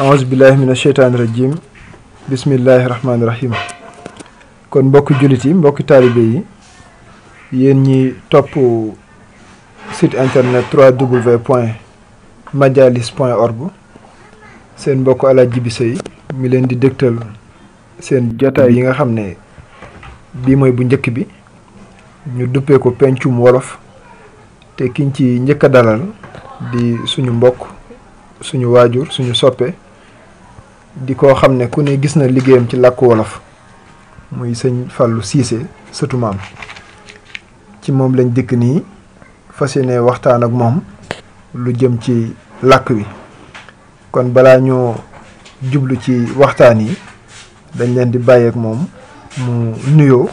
aus billahi mina sheytaani rajim Bismillahirrahmanirrahim. rahmaani rahim kon mbokki juliti yi mbokki yi yen ñi topp site internet 3w point madialis point org seen Sen Alaaji Bi Sëy mi leen di dégtal sen jotaay yi nga xam bi bu bi ñu ko penchum wolof te kiñ ci dalal di suñu mbokk suñu wajur, suñu soppe di koo xam ne ku ne gis na liggéeyam ci làkk wolof muy sëñ Fallou Cissé sëtu ci moom lañ dikk nii fas yéene waxtaan ak moom lu jëm ci làkk wi kon balaa ñoo jublu ci waxtaan yi dañ leen di bàyyeek moom mu nuyoo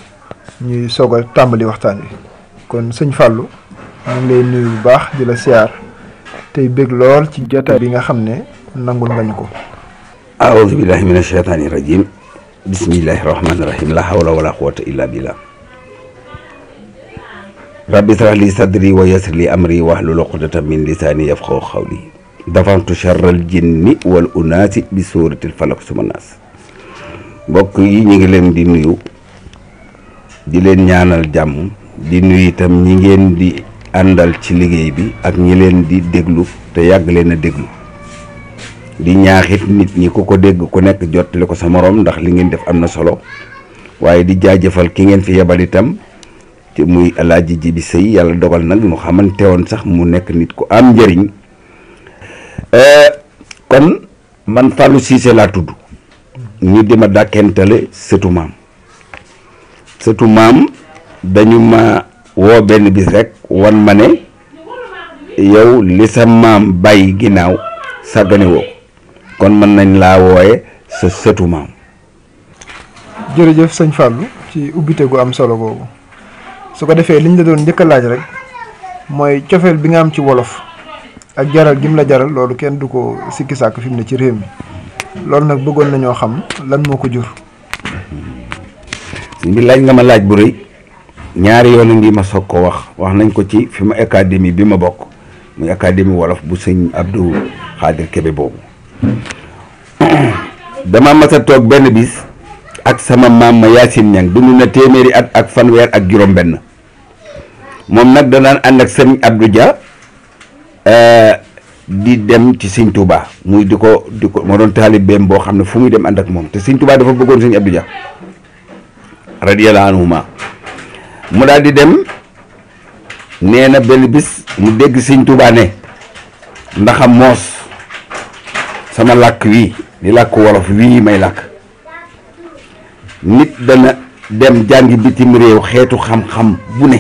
ñuy soog a tàmbali waxtaan wi kon sëñ Fallou mu ngi lay nuyu bu baax di la siyaar tey bëgg lool ci jotaay yi nga xam ne nangul nga ñu ko aouzu billahi min asheytaani rajim bismillahi rahmaani rahim la hawla wala quwata illa billah rabbi israh li sadri wa yassir li amri wahlul uqdatan min lisaani yafqahu qawli dafantu charral jinni wal unaasi bi suuratil falaq suma naas mbokk yi ñu ngi leen di nuyu di leen ñaanal jàmm di nuyu itam ñi ngeen di àndal ci liggéey bi ak ñi leen di déglu te yàgg leen a déglu di ñaaxit nit ñi ku ko dégg ku nekk jottali ko sa morom ndax li ngeen def amna solo waye di jaajeufal ki ngeen fi yebal itam te muy alaaji ji bi sey yalla dogal nak mu xamante sax mu nekk nit ku am euh kon man fallu Cissé laa tuddu ñu di dakentale setu mam maam mam maam dañu ma wo ben bis rek wan mané yow li sa maam bay ginaaw sàggane woo ko kon mën nañ laa wooye sa sëtu maam. jërëjëf sëñ Fallou ci ubbite gu am solo boobu su ko defee liñ la doon njëkk a laaj rek mooy cofeel bi nga am ci wolof ak jaral gi mu la jaral loolu kenn du ko sikki sàkk fi mu ne ci réew mi loolu nag bëggoon nañoo xam lan moo ko jur. bi laaj nga ma laaj bu rëy ñaari yoon ngi ma soog ko wax wax nañ ko ci fi ma académie bi ma bokk muy académie wolof bu sëñ Abdou Khadir Kébé boobu. dama masa tok ben bis ak sama maam ma Yacine Niang dund na téméri at ak fan fanweer ak ben mom nak da nan and ak sëñ Abdou Dia euh, di dem ci sëñ Touba muy diko diko mo don talib bem bo xamne fu muy dem and ak mom te sëñ Touba dafa bëggoon sëñ Abdou Dia radiyallahu anhuma mu dal di dem nee ben bis mu dégg sëñ Touba ne ndaxam mos sama làkk wii di làkk wolof wii may làkk nit dana dem jàngi bitim réew xeetu xam-xam bu ne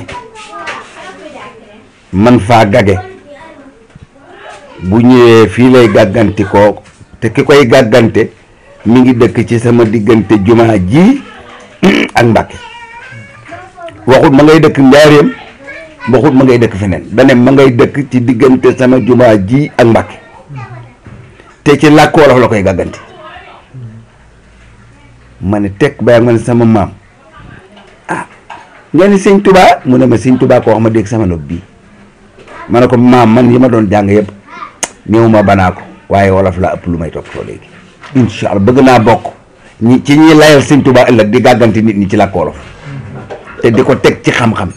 man faa gage bu ñëwee fii lay gàgganti ko te ki koy gàggante mu ngi dëkk ci sama diggante jumaa ji ak Mbàkke waxut ma ngay dëkk njaareem waxut ma ngay dëkk feneen dane ma ngay dëkk ci diggante sama jumaa ji ak Mbàkke te ci làkk wolof la koy gàgganti ma ne teg bàyyi ma ne sama maam ah nga ni sëñ tubaa mu ne ma sëñ tubaa koo xam ma dégg sama nopp bii ma ne ko maam man yi ma doon jàng yëpp ma banaa ko waaye wolof laa ëpp lu may toppatoo léegi incha bëgg naa bokk ñi ci ñi layal sëñ tubaa ëllëg di gàgganti nit ñi ci làkk wolof te di ko teg ci xam-xam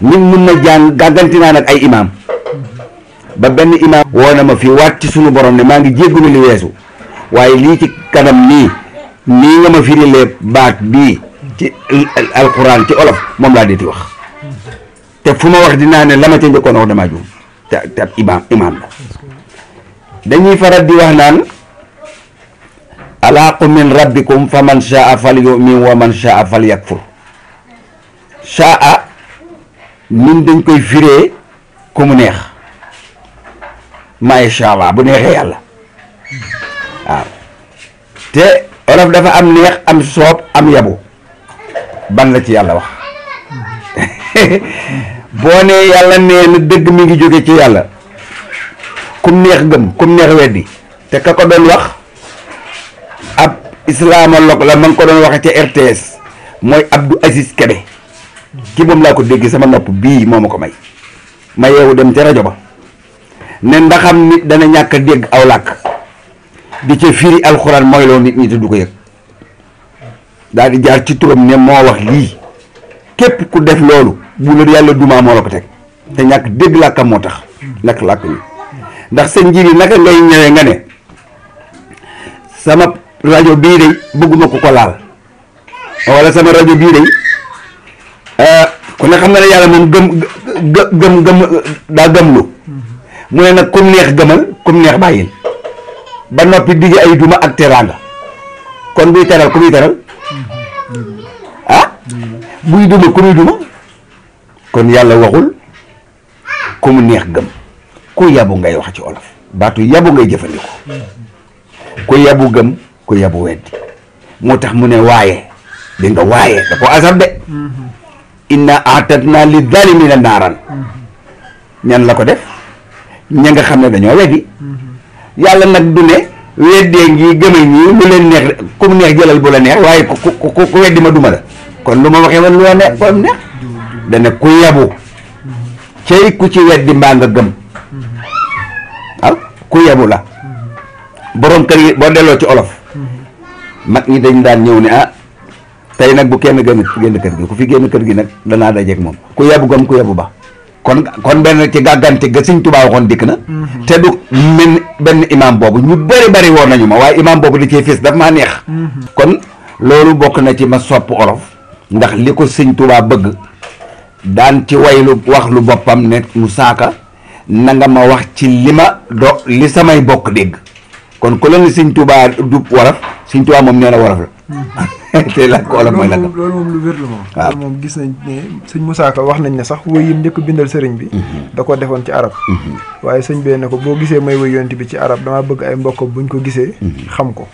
nit mun na jàng gàgganti naa ay imaam ba benn imaam woo na ma fi waat ci sunu borom ne maa ngi jéggulu li weesu waaye lii ci kanam nii nii nga ma firilee baat bii ci alquran ci wax te fu ma wax dinaa ne la ma ca njëkkoon wax damaa di wax naan alaaqu min rabbikum fa man shaa fal yumin wa man shaa fal yakfur shaa min dañ koy fire ku mu neex macha allah bu neexee yàlla waaw te olof dafa am neex am soob am yabu ban la ci yàlla wax boo nee yàlla nee na dëgg mi ngi jóge ci yàlla kum neex gëm kum neex weddi te ka ko doon wax ab islamologue la ma ko doon waxe ca RTS mooy Abdou Aziz Kébé ci moom laa ko dégg sama nopp bii moom ma ko may ma yeewu dem ca rajo ba ne ndaxam nit dana ñak deg dégg aw di ci firi alquran moy lo nit ni te du ko yek dal di jaar ci turam ne mo wax li kep ku def lolu bu la yalla duma mo lako tek te ñak deg làkkam ka tax lak lak ni ndax seen jiri naka ngay ñewé nga ne sama radio biri, de bëgguma ko ko laal wala sama rajo de euh ku ne xam na ne yàlla moom gëm gëm gëm daa lu mune nak kum neex gëmal kum neex bayil ba nopi digi ay duma ak teranga kon buy teral kuy teral ah buy duma kuy duma kon yalla waxul kum neex gëm ku yabu ngay wax ci olof batu yabu ngay ku yabu ku yabu weddi motax mune waye ne di nga waye da ko azab de inna atatna lidhalimin naran ñan la ko def ña nga xamne ne dañoo wéddi yalla ya, du né weddee ngi gëma ñii mu leen neex ku mu neex jëlal bu la neex waye ku ku ku ma duma la kon luma ma neex ko neex dana ku yabu cey ku ci weddi mbaa nga gëm waaw ah, ku yabu la borom kër yi bo delloo ci olof mag ñi dañ daan ñëw ni ah tay nak bu kenn gën génn kër gi ku fi génn kër gi mom ku yabu gëm ku yabu ba kon kon benn ci gàggante ga sëñ Tuubaa waxoon dikk na mhm. te du mel benn imam boobu ñu bëri bari woon nañu ma waaye imam boobu da cee fis daf maa neex mhm. kon loolu bokk na ci ma sopp olof ndax li ko sëñ Tuubaa bëgg daan ci way lu wax lu boppam ne mu saaka na nga ma wax ci li ma do li samay bokk dégg kon ku la ne sëñ Tuubaa du waraf sëñ Tuubaa moom nee na waraf la mhm. te lakk wala mooy lakk loolu moom lu wér la moom waaw moom gis nañ ne sëñ Moussa wax nañ ne sax woy yim njëkk bindal sëriñ bi mhm. da ko defoon ci arab mhm. waaye sëñ bee ne ko boo gisee may woy yonent bi ci arab damaa bëgg ay mbokk buñ ko gisee mhm. xam ko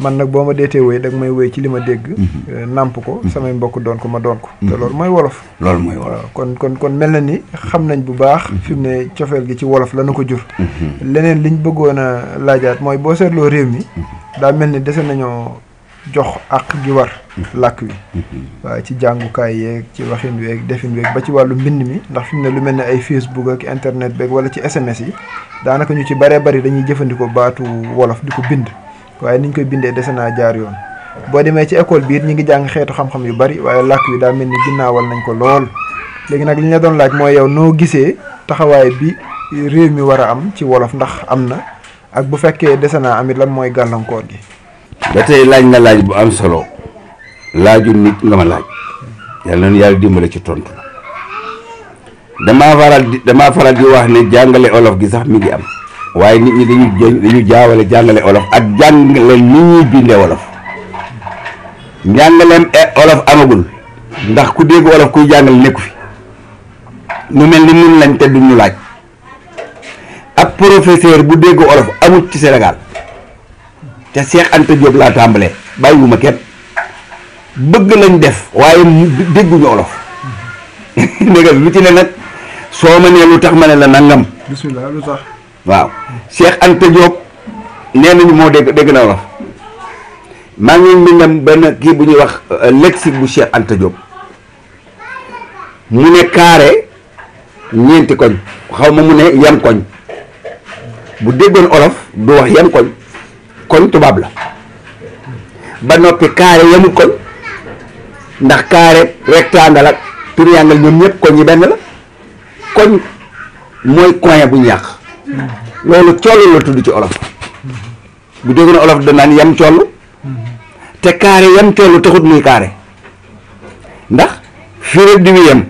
man nag boo ma deetee woy dag may woy ci li ma dégg euh, nàmp ko samay mbokk doon ko ma doon ko te loolu mooy wolof loolu mooy wolof kon kon kon mel na ni xam nañ bu baax fi mu ne cofeel gi ci wolof la ko jur leneen liñ bëggoon a laajaat mooy boo seetloo réew mi jox àq gi war mm-hmm. làkk wi mm-hmm. waaye ci jàngukaay yeeg ci waxin weeg defin weeg ba ci wàllu mbind mi ndax fi mu ne lu mel ne ay Facebook ak internet beeg wala ci SMS yi daanaka ñu ci baree bari dañuy jëfandikoo baatu wolof di ko bind waaye niñ koy bindee dese naa jaar yoon boo demee ci école bi ñu ngi jàng xeetu xam-xam yu bari waaye làkk wi daa mel ni ginnaawal nañ ko lool léegi nag li ñu doon laaj mooy yow noo gisee taxawaay bi réew mi war a am ci wolof ndax am na ak bu fekkee dese naa am lan mooy gàllankoor gi ba tey laaj na laaj bu am solo laaju nit nga ma laaj yàlla na yàlla dimbale ci tontu dama faral di damaa faral di wax ne jàngale olof gi sax mi ngi am waaye nit ñi dañu jaawale jàngale olof ak jàngale ni ñuy bindee olof njàngaleem e olof amagul ndax ku dégg olof kuy jàngale nekku fi mu mel ni nun lañ te duñu laaj ab professeur bu dégg olof amut ci Sénégal te Cheikh Anta Diop laa tàmbalee bàyyiwuma kenn bëgg lañ def waaye dégguñu olof ndéga lu ci ne nag soo ma nee lu tax ma ne la nangam. bismillah lu tax. waaw Cheikh Anta Diop nee nañu moo dégg dégg na olof maa ngi mbindam benn kii bu ñuy wax euh, lexique bu Cheikh Anta Diop mu ne carré ñeenti koñ xaw ma mu ne yam koñ bu déggoon olof du wax yam koñ. kon tubaab la ba noppi carré yemul kon ndax carré rectangle ak triangle ñoom ñëpp koñ yi benn la koñ mooy coin bu ñu yàq loolu coll la tudd ci olof bu déggoon olof danaan yem coll te carré yem coll taxut muy carré ndax fii rek di yem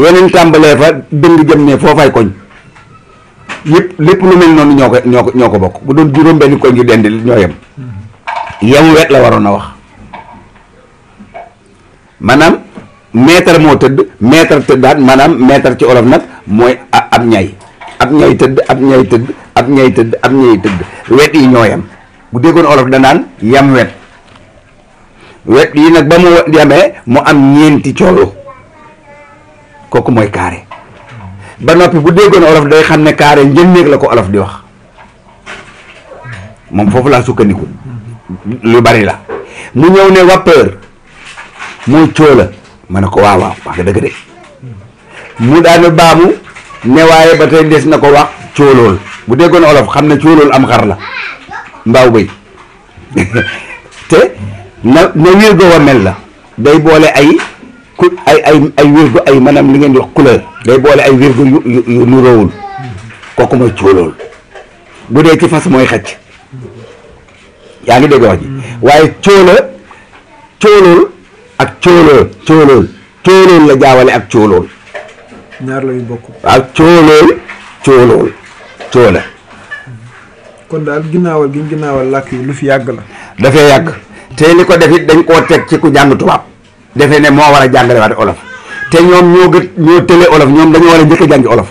weneen tàmbalee fa dëng jëm ne foo fay koñ yëpp lépp lu mel noonu ñoo ko ñoo ko ñoo ko bokk bu doon juróom benn koy yu dend ñoo yem yemu wet la waroon a wax maanaam mètre moo tëdd mètre tëddaat maanaam mètre ci olof nag mooy ab ñay ab ñay tëdd ab ñay tëdd ab ñay tëdd ab ñay tëdd wet yi ñoo yem bu déggoon olof danaan yam wet wet yi nag ba mu yamee mu am ñeenti coolu kooku mooy carré ba noppi bu déggoon olof day xam ne carré njënneeg la ko olof di wax moom foofu laa sukkandiku lu bari la mu ñëw ne wàppeur muy cóola ma ne ko waaw waaw wax dëgg de mu daane baamu ne waaye ba tey des na ko wax cóolool bu déggoon olof xam ne cóolool am xar la mbaaw bëy te na na wér go wa mel la day boole ay ku ay ay ay wér go ay maanaam li ngeen di wax couleur day boole ay wirgu yu yu nuróowul kooku mooy cóolóol bu dee ci fas mooy xëcc yaa ngi dégg wax ji waaye cóola cóolóol ak cóolóol cóolóol cóolóol la jaawale ak cóolóol ñaar la bokk waaw cóolóol cóolóol cóola kon daal ginnaawal gi ginnaawal làkk yi lu fi yàgg la dafay yàgg te li ko defit dañ koo teg ci ku jàng tubaab defe ne moo war a jàngale waat olof té ñom ñoo gë ñoo télé olof ñom dañu wara jëk njëkk a jàngi olof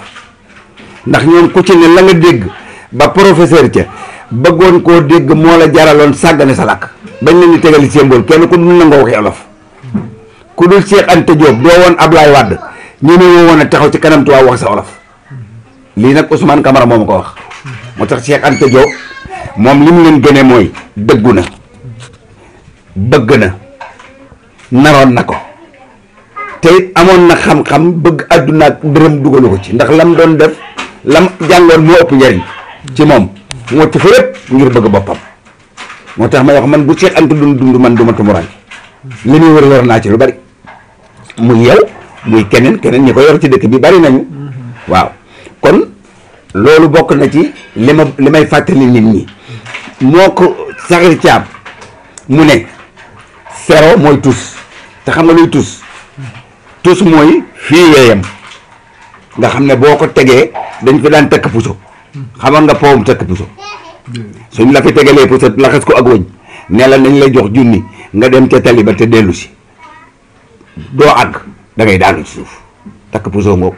ndax ñom ku ci ne la nga dégg ba professeur ci bëggoon ko dégg mo la jaraloon sàggane sa làkk bañ tégal ci mbol kenn ku dul nangoo waxi olof ku dul Cheikh Anta Diop do won ablay wad ñu ne woo taxaw ci kanam tuwa wax sa olof li nak Ousmane kamara moo ko wax moo tax Cheikh Anta Diop mom lim leen gëné moy dëgguna bëgg na te amoon na xam-xam bëgg àdduna ak dërëm dugalu ko ci ndax lam doon def lam jàngoon moo ëpp njariñ ci moom moo ci fa ngir bëgg boppam moo tax may wax man bu Cheikh Anta dund dund man du tumuraan li muy wër wër naa ci lu bari mu yow muy keneen keneen ñi ko yor ci dëkk bi bari nañu waaw kon loolu bokk na ci li ma li may fàttali nit ñi moo ko saxir caab mu ne sero mooy tus te xam nga luy tus tus mooy fii weeyam nga xam ne boo ko tegee dañ fi daan takk puso xamal nga powum takk puso suñ la fi tegalee puso laxas ko ak wëñ ne la nañ lay jox junni nga dem ca taliba te dellu si doo àgg dangay ngay ci suuf takk puso ngoog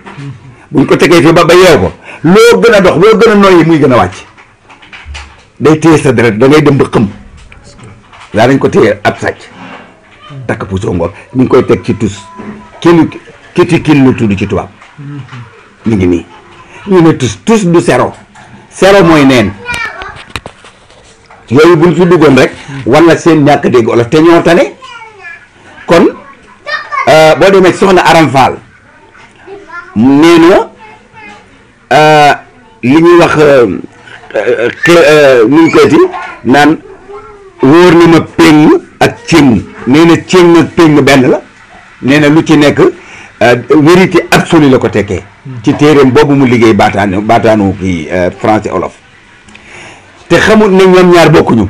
buñ ko tegee fii ba ba yeew ko loo gën a dox loo gën a noyyi muy gën a wàcc day téye sa deret da ngay dem ba daa nañ ko téye ab sàcc takk puso ngoog ñu koy teg ci tus kili kiti kil la tudd ci tubaab ñu ngi nii ñu ne tus tus du sero sero mooy neen yooyu buñ ci duggoon rek war seen ñàkk dégg olof te ñoo tane kon euh, boo demee soxna Aram Fall nee euh, li ñuy wax euh, nu ñu koy ti naan wóor na ma péng ak céng nee na ak péng benn la nee na lu ci nekk euh, vérité absolue la ko tekkee hmm. ci téeréem boobu mu liggéey baataanu baataanu kii euh, français olof te xamul ne ñoom ñaar bokkuñu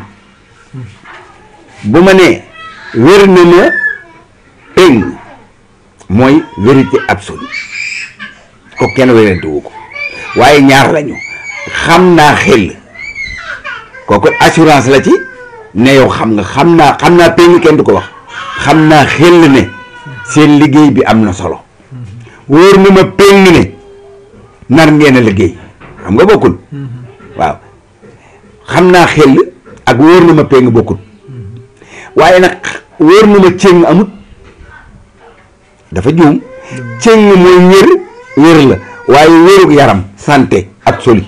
bu ma nee wér na na péng mooy vérité absolue ko kenn wérantewu ko waaye ñaar lañu xam naa xel kooku assurance la ci ne yow xam nga xam naa xam naa péng kenn du ko wax xam naa xel ne seen liggéey bi am na solo wóor na ma péng ne nar ngeen a liggéey xam nga bokkul waaw xam naa xel ak wóor na ma peng bokkul waaye nag wóor na ma cëng amut dafa juum cëng mooy wér wér la waaye wérug yaram sante ak soli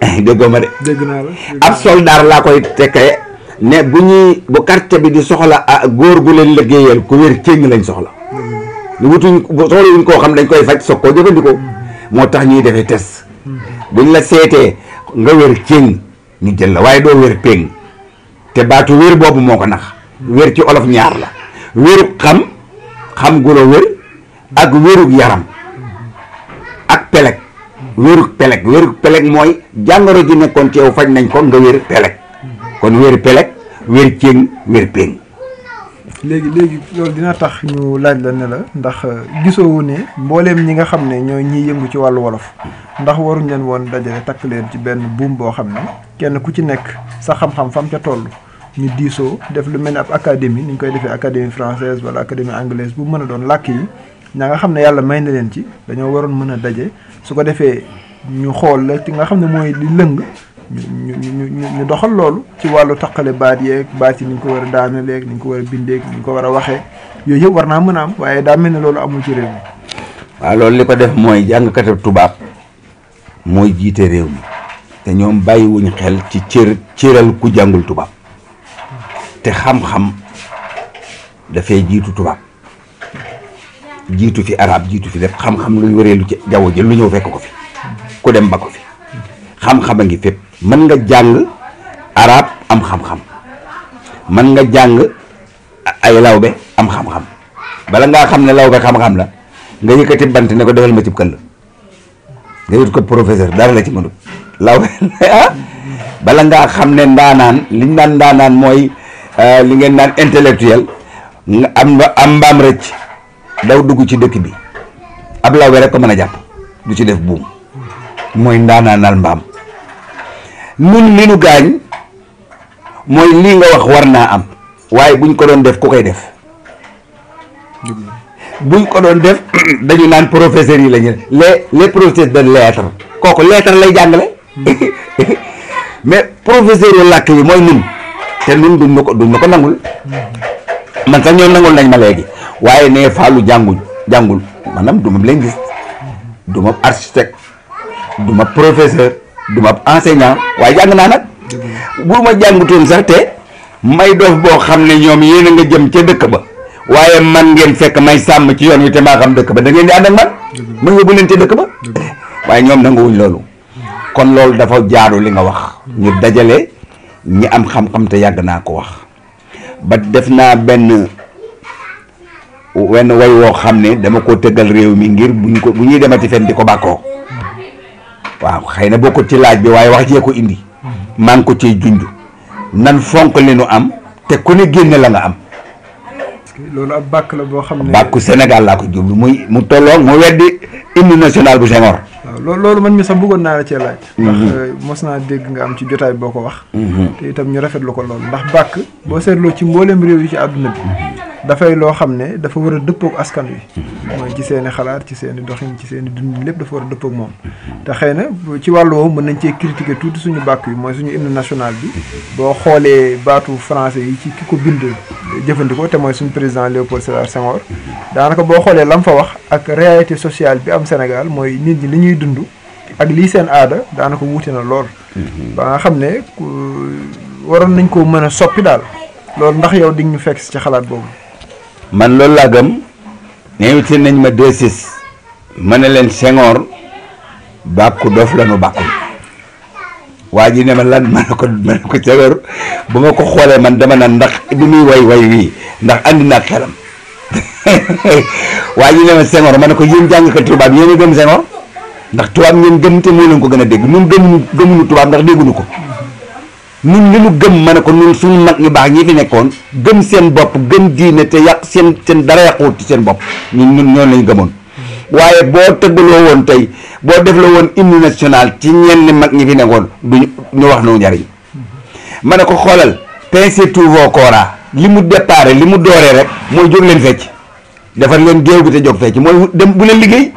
eh, déggoo ma de ab soldaar laa koy tekkee ne bu ñuy bu quartier bi di soxla ah góor gu leen liggéeyal ku wér céng lañ soxla mm-hmm. lu wutuñ soxla wuñ koo xam dañ koy faj soog koo jëfandikoo mm-hmm. moo tax ñuy defee tes mm-hmm. buñ la seetee nga wér céng ñu jël la waaye doo wér péng te baatu wér boobu moo ko nax wér ci olof ñaar la wérug xam xam gu la wér ak wérug yaram ak peleg wérug peleg wérug peleg mooy jàngoro ji nekkoon ci yow faj nañ ko nga wér peleg kon wër pelek wër céng wër péng légui légui lool dina tax ñu laaj la ne la ndax euh, gisoowu ne mbooleem ñi nga xam ñoy ñi yëngu ci walu wolof ndax waru ñen won dajale tak leen ci benn boom bo xam kenn ku ci nekk sa xam-xam fam ca tollu ñu diso def lu mel ne ab académie ni ñu koy defee académie française wala académie anglaise bu mëna doon lakki ña nga xam yalla may na leen ci dañoo waroon mëna dajé su ko ñu xol la ti nga xam moy di leung ñu ñu ñu doxal loolu ci wàllu taqale baat yeeg baat yi ni ñu ko war a daanaleeg ni ñu ko war a bindeeg ni ñu ko war a waxee yooyu yëpp war naa mën a am waaye daa mel ne loolu amul ci réew mi. loolu li def mooy jàngkatu tubaab mooy jiite réew te ñoom bàyyiwuñ xel ci cër cëral ku jàngul tubaab te xam-xam dafay jiitu tubaab jiitu fi arab jiitu fi lépp xam-xam luy wëreelu ci jaww ji lu ñëw fekk ko fi ku dem ba ko fi xam-xam a ngi fépp. mën nga jàng arab am xam-xam mën nga jàng ay lawbe am xam-xam bala ngaa xam ne lawbe xam-xam la nga yëkkati bant ne ko defal ma cib këll nga yut ko professeur dara la ci mënut lawbe ah! bala ngaa xam ne ndaanaan li naan ndaanaan mooy euh, li ngeen naan intellectuel nga am am mbaam rëcc daw dugg ci dëkk bi ab lawbe rek ko mën a jàpp du ci def buum mooy ndaanaanal mbaam Mun li nu gaañ mooy nga wax warna am waye buñ ko don def ku koy def buñ ko don def dañu naan professeur yi la ñu les les professeurs de lettre kooku lettre lay jàngale mais professeur yu lak yi moy nim té nim duñ ma ko duñ ma nangul man sax ñoo nangul nañ ma légui waye ne faalu jangul jangul manam duma ma gis duma architecte duma professeur du ma enseignant waaye jàng naa nag bu ma jàngutoon sax te may dof boo xam ne ñoom yéen a nga jëm cee dëkk ba waaye man ngeen fekk may sàmm ci yoon wi te maa xam dëkk ba da ngeen di ànd ak man ma yóbbu leen ca dëkk ba waaye ñoom nanguwuñ loolu hmm. kon loolu dafa jaaru li nga wax hmm. ñu dajale ñi am xam-xam te yàgg naa ko wax ba def naa benn wenn way woo xam ne dama koo tëggal réew mi ngir buñ ko bu ñuy demati fen di ko bàkkoo waaw xëy na bokkut ci laaj bi waaye wax jee ko indi maa ngi ko ciy junj nan fonk li nu am te ku ne génne la nga am loolu ab bàkk la boo xam ne bàkku Sénégal laa ko jublu muy mu tolloog mu weddi hymne national bu Senghor waaw loolu man mi sax bëggoon naa la cee laaj mhm. ndax euh, mos naa dégg nga am ci jotaay boo ko wax mhm. te itam ñu rafetlu ko loolu ndax bàkk boo seetloo ci mbooleem réew yi ci àdduna bi mhm. dafay loo xam ne dafa war a dëppoog askan wi mooy ci seen i xalaat ci seen i doxin ci seen dund lépp dafa war a dëppoog moom te xëy na ci wàllu woowu mën nañ cee critiquer tuuti suñu bàkk yi mooy suñu hymne national bi boo xoolee baatu français yi ci ki ko bind jëfandikoo te mooy suñu président Léopold Sédar Senghor daanaka boo xoolee lam fa wax ak réalité sociale bi am Sénégal mooy nit ñi li ñuy dund ak lii seen aada daanaka wuute na lool mhm. ba nga xam ne waroon nañ koo mën a soppi daal loolu ndax yow di ñu fekk ci xalaat boobu man loolu laa gëm invité nañ ma 2 sis ma ne leen Senghor bàkku dof la nu bàkkul waa ji ne ma lan ma ne ko ma ne ko Senghor bu ma ko xoolee man dama naan ndax bi muy way way wii ndax andi naa xelam waa ji ne ma Senghor ma ne ko yéen jàng ko tubaab yéen a gëm Senghor ndax tubaab ngeen gëm te moo leen ko gën a dégg ñun gëmuñu gëmuñu tubaab ndax dégguñu ko nun li mu gëm ma ne ko nun suñu nag ñi baax ñi fi nekkoon gëm seen bopp gëm diine te yàq seen seen dara yàquwut ci seen bopp ñun ñun ñoon lañ gëmoon waaye boo tëggaloo woon tey boo def la woon hymne national ci ñenn mag ñi fi nekkoon duñu ñu wax nu njariñ ma ne ko xoolal pensez tout vos corps li mu déparé li mu dooree rek mooy jóg leen fecc defar leen géew bi te jóg fecc mooy dem bu leen liggéey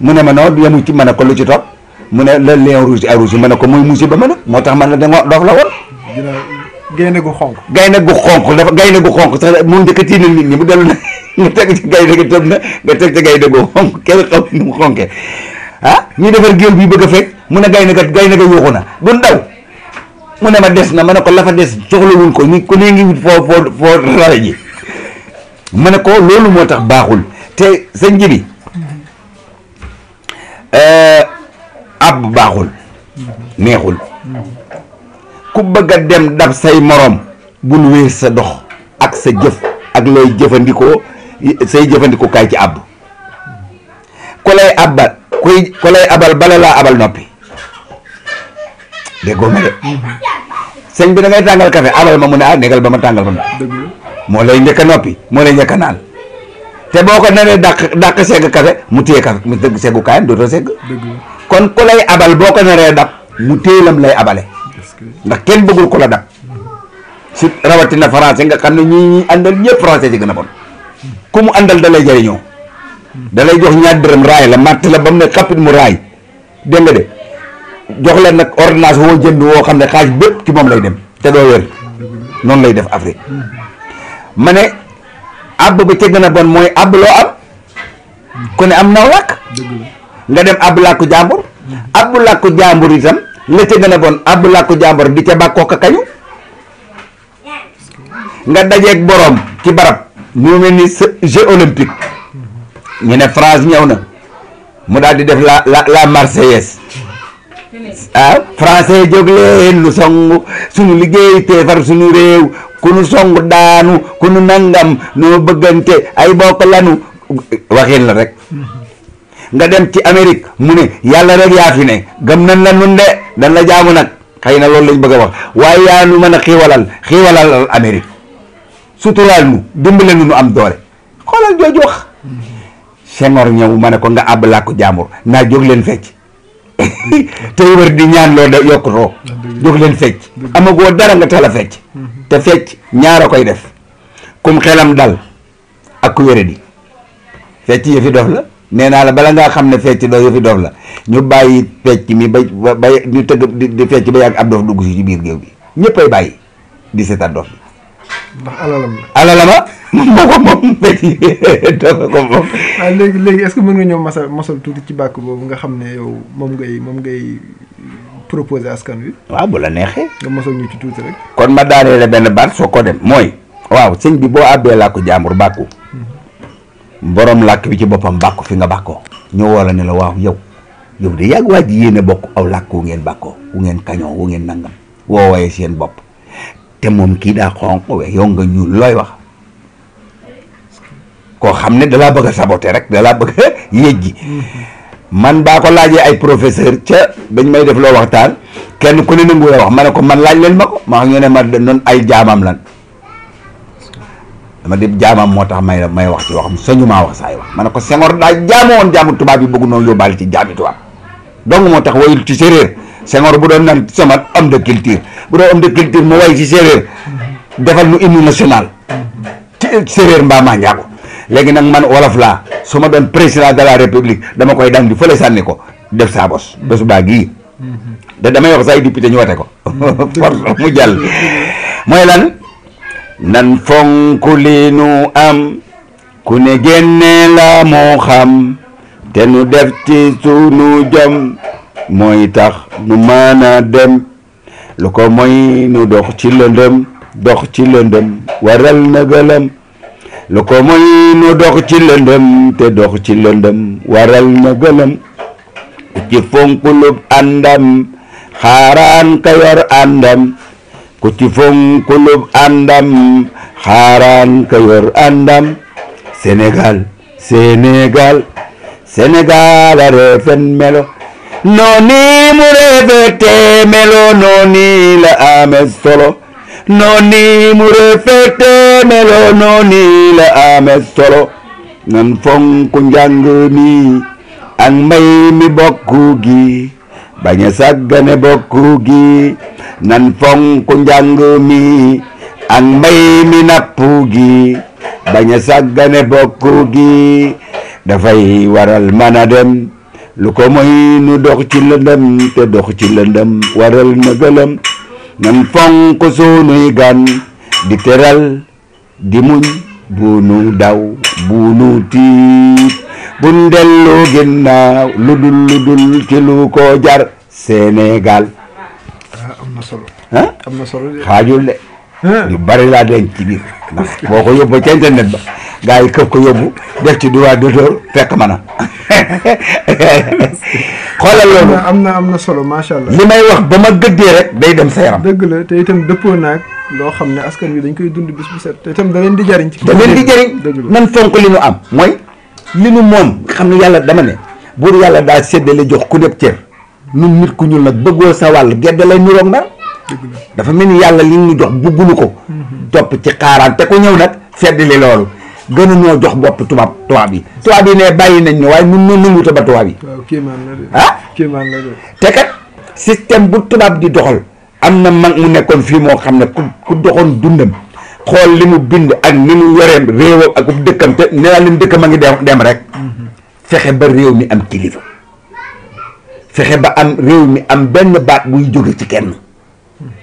mu ne ma noonu yemu ci man ne ko lu ci topp mu ne le lion rouge à rouge ma ne ko mooy musiba ma ne moo tax man la danga dof la woon. gaynde gu xonq gaynde gu xonq dafa gaynde gu xonk sax mu njëkk a tiinal nit ñi mu dellu na nga teg ci gaynde gi tëb na nga teg ci gaynde gu xonk kenn xam ni mu xonkee ah defar géew bi bëgg fekk mu ne gaynde ga gaynde ga yuuxu na du ndaw mu ne ma des na ma ne ko la fa des soxlawul ko ñu ko ne ngi wut foo foo foo rawe ji ma ne ko loolu moo tax baaxul te sëñ ji àbb baaxul neexul ku bëgg a dem dab say moroom bul wéer sa dox ak sa jëf ak lay jëfandikoo say jëfandikukaay ci àbb ku lay abal kuy ku lay abal bala laa abal noppi déggoo ma de sëñ bi da ngay tàngal café abal ma mu ne ah négal ba ma tàngal ba moo lay njëkk a noppi moo lay njëkk naan te boo ko nanee dàq dàq segg café mu téye café mu seggu kaayam dootoo segg kon ku lay abal boo ko naree dab mu téelam lay abale ndax kenn bëggul ku la dab si rawatina français nga xam ne ñi àndal ñëpp français ci gën a bon ku mu àndal dalay lay jëriñoo da jox ñaat dërëm raay la matt la ba mu ne xappit mu raay dégg de jox leen nag ordonnance woo jënd woo xam ne xaaj bépp ci moom lay dem te doo wér noonu lay def Afrique ma ne àbb ba ca gën a bon mooy àbb loo am ku ne am na wàkk nga dem Abdullah làkku jàmbur ab làkku jàmbur itam la ci gëna bon ab làkku di ca bàkkoo ka kañu nga ak borom ci barab ñu melni jeu olympique ñu né phrase mu di def la la la marseillaise ah français joglé lu songu song suñu liggéey far suñu réew ku nu song daanu ku nu nangam nu bëggante ay bokk lanu waxin la rek nga dem ci Amérique mu ne yàlla rek yaa fi ne gëm nañ la nun de dan la jaamu nag xëy na loolu lañ bëgg a wax waaye yaa nu mën a xiiwalal xiiwalal Amérique suturaal nu dimbale nu nu am doole xoolal jooju wax Senghor ñëw ma ne ko nga àbb làkku jaambur naa jóg leen fecc tey wër di ñaan loo de yokkutoo jóg leen fecc amagoo dara nga tala fecc te fecc ñaar koy def kum xelam dal ak ku di fecc yëfi dof la nee naa la bala ngaa xam ne fecc doo yëfi dof la ñu bàyyi fecc mi ba ba ñu tëgg di fecc ba yàgg ab dof dugg si ci biir géew bi ñëppay bàyyi di seetaan dof bi. ndax alalama alalama moo moom fecc dof ko moom. waaw mën nga ñëw masal masal tuuti ci bàkk boobu nga xam ne yow moom moom ngay proposer wi. waaw bu la neexee. nga masal ñu ci tuuti rek. kon ma daaneel benn baat soo ko dem mooy. waaw sëñ bi boo àbbee laa ko jaambur bàkku. Mm-hmm. borom lak bi ci bopam bakku fi nga bakko ñu woo ne la waaw yow yow de yag waaji yene yéene bokk aw lakku ngeen bakko wu ngeen kañoo wu ngeen nangam wo waye seen bop te mom ki da xonko we yow nga ñu loy wax ko xamne da la bëgg saboter rek da la bëgg man ba ko laaje ay professeur ca bañ may def lo waxtaan kenn ku ne nangu wax mané ko man laaj leen ma ko ne ma non ay jaamam lan dama di jaamam motax may may wax ci waxam sañu ma wax say wax manako ne da Senghor daa jaamoon jaamu tuba bi bëgg noo yóbbaale ci jaami tuba dong motax wayul ci séréer Senghor bu doon nan sama am de culture bu doon am de culture mo way ci séréer defal nu hymne national ci séréer mba ma njaago legi nak man wolof la suma doon president de la republique dama koy daan di fële sànni ko def sa boss besu ba gi mm-hmm. da damay wax say député ñu waté ko mm-hmm. mu jall moy lan nan fonk li nu am ku ne génne la moo xam te nu def ci sunu jom mooy tax nu mën a dem lu ko moy nu dox ci lëndëm dox ci lëndëm waral na gëlëm lu ko moy nu dox ci lëndëm te dox ci lëndëm waral na gëlëm ku ci fonk lu àndam ka yor àndam ku ci fonkulub àndam xaaraan ka yor àndam Sénégal Sénégal Sénégal a reefen melo nooni mu rafete melo nooni la ame solo nooni mu rafete melo nooni la ame solo nan fonk njàng mi ak mbay mi bokku gi bañ a sàggane bokku gi nan fonk njàng mi ak mbay mi napp gi bañ a sàggane bokk gi dafay waral mën dem lu ko moy nu dox ci lëndëm te dox ci lëndëm waral na gëlëm nan fonk soonuy gan di teral di muñ bu nu daw bu nu tiit bun delloo ginnaaw lu dul ci lu ko jar Sénégal na solo. am na solo de xaajul de. lu bari laa denc ci biir. ndax boo ko yóbbu ca internet ba gars yi këf ko yóbbu def ci droit d'auteur fekk ma na xoolal loolu. am na am na solo macha allah. li may wax ba ma gëddee rek day dem sa yaram. dëgg la te itam dëppoo naag loo xam ne askan wi dañ koy dund bis bu set te itam da leen di jariñ. ci da leen di jariñ nan fonk li nu am. mooy li nu moom xam ne yàlla dama ne. buur yàlla daa séddale jox ku nekk cër. nu nit ku ñuul nag bëggoo sa wàll gedde lay niroog na dafa mel ni yàlla li ñu jox buggunu ko mhm. topp ci xaaraan te ku ñëw nag feddli loolu gën a ñoo jox bopp tubaab tubaab yi tubaab yi nañ ñu waaye nun noon nanguta ba tubaab yi ah te kat système bu tubaab di doxal am na mag mu nekkoon fii moo xam ne ku ku doxoon dundam xool li mu bind ak ni mu yoreem réewam ak dëkkam te nee naa leen dëkkam a ngi dem dem rek mhm. fexe ba réew mi am kilifa fexe ba am réew mi am benn baat buy jóge ci kenn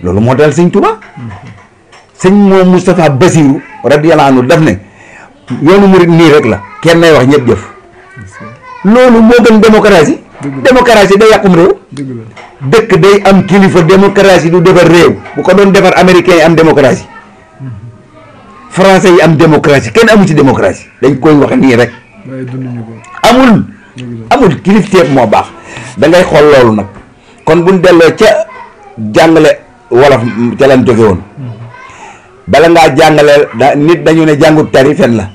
loolu moo dal sëñ Tuubaa sëñ moom Moustapha Basiru radiyallaahu anhu daf ne yoonu murit nii rek la kenn nay wax ñëpp jëf loolu moo gën démocratie démocratie day yàqum réew dëkk day am kilifa démocratie du defar réew bu ko doon defar américain yi am démocratie français yi am démocratie kenn amu ci démocratie dañ koy wax nii rek amul amul kilifteef moo baax da ngay xol lolou nak kon buñ delo ci jangale wolof ci lan joge won bala nga jangale nit dañu ne jàngub tari fen la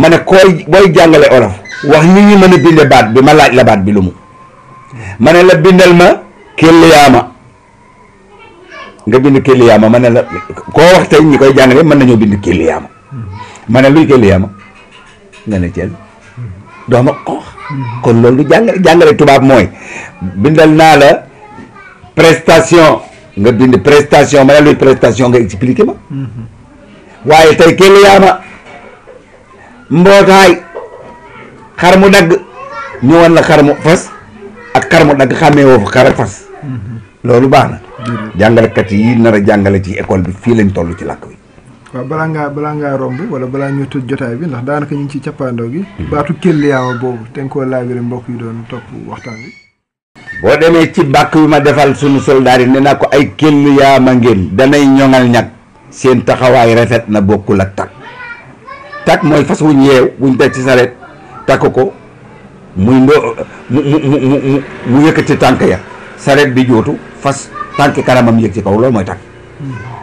mané koy boy jangale olof wax nit ñi mëna bindé baat bi ma laaj la baat bi lu mu mané la bindal ma kelliyama nga bind kelliyama mané la ko wax tay ñi koy jangale mëna ñu bind kelliyama mané luy kelliyama nga ne dooma xoox kon loolu jàngale jàngale tubaab mooy bindal naa la prestation nga bind prestation ma ne luy prestation nga expliqué ma waaye tey kelli yaama mbootaay xar mu dagg ñu woon la xar mu fas ak xar mu dagg xàmmee woo fa xar ak fas mm-hmm. loolu baax na jàngalekat yi nar a jàngale ci école bi fii lañ tollu ci làkk wi waaw balaa ngaa balaa ngaa romb wala balaa ñuy tëj jotaay bi ndax daanaka ñu ngi ci cappaandaw gi. Hmm. baatu Kelliyaawa boobu te nga koo laabire mbokk yi doon topp waxtaan bi. boo demee ci bàkk yu ma defal sunu soldaar yi ne naa ko ay Kelliyaa ma ngeen. danay ñoŋal ñag seen taxawaay rafet na bokkul ak takk takk mooy fas wuñ yeew buñ teg ci saret takk ko muy mu mu mu mu mu yëkkati tànk ya saret bi jootu fas tànk kanamam yëg ci kaw loolu mooy takk. Hmm.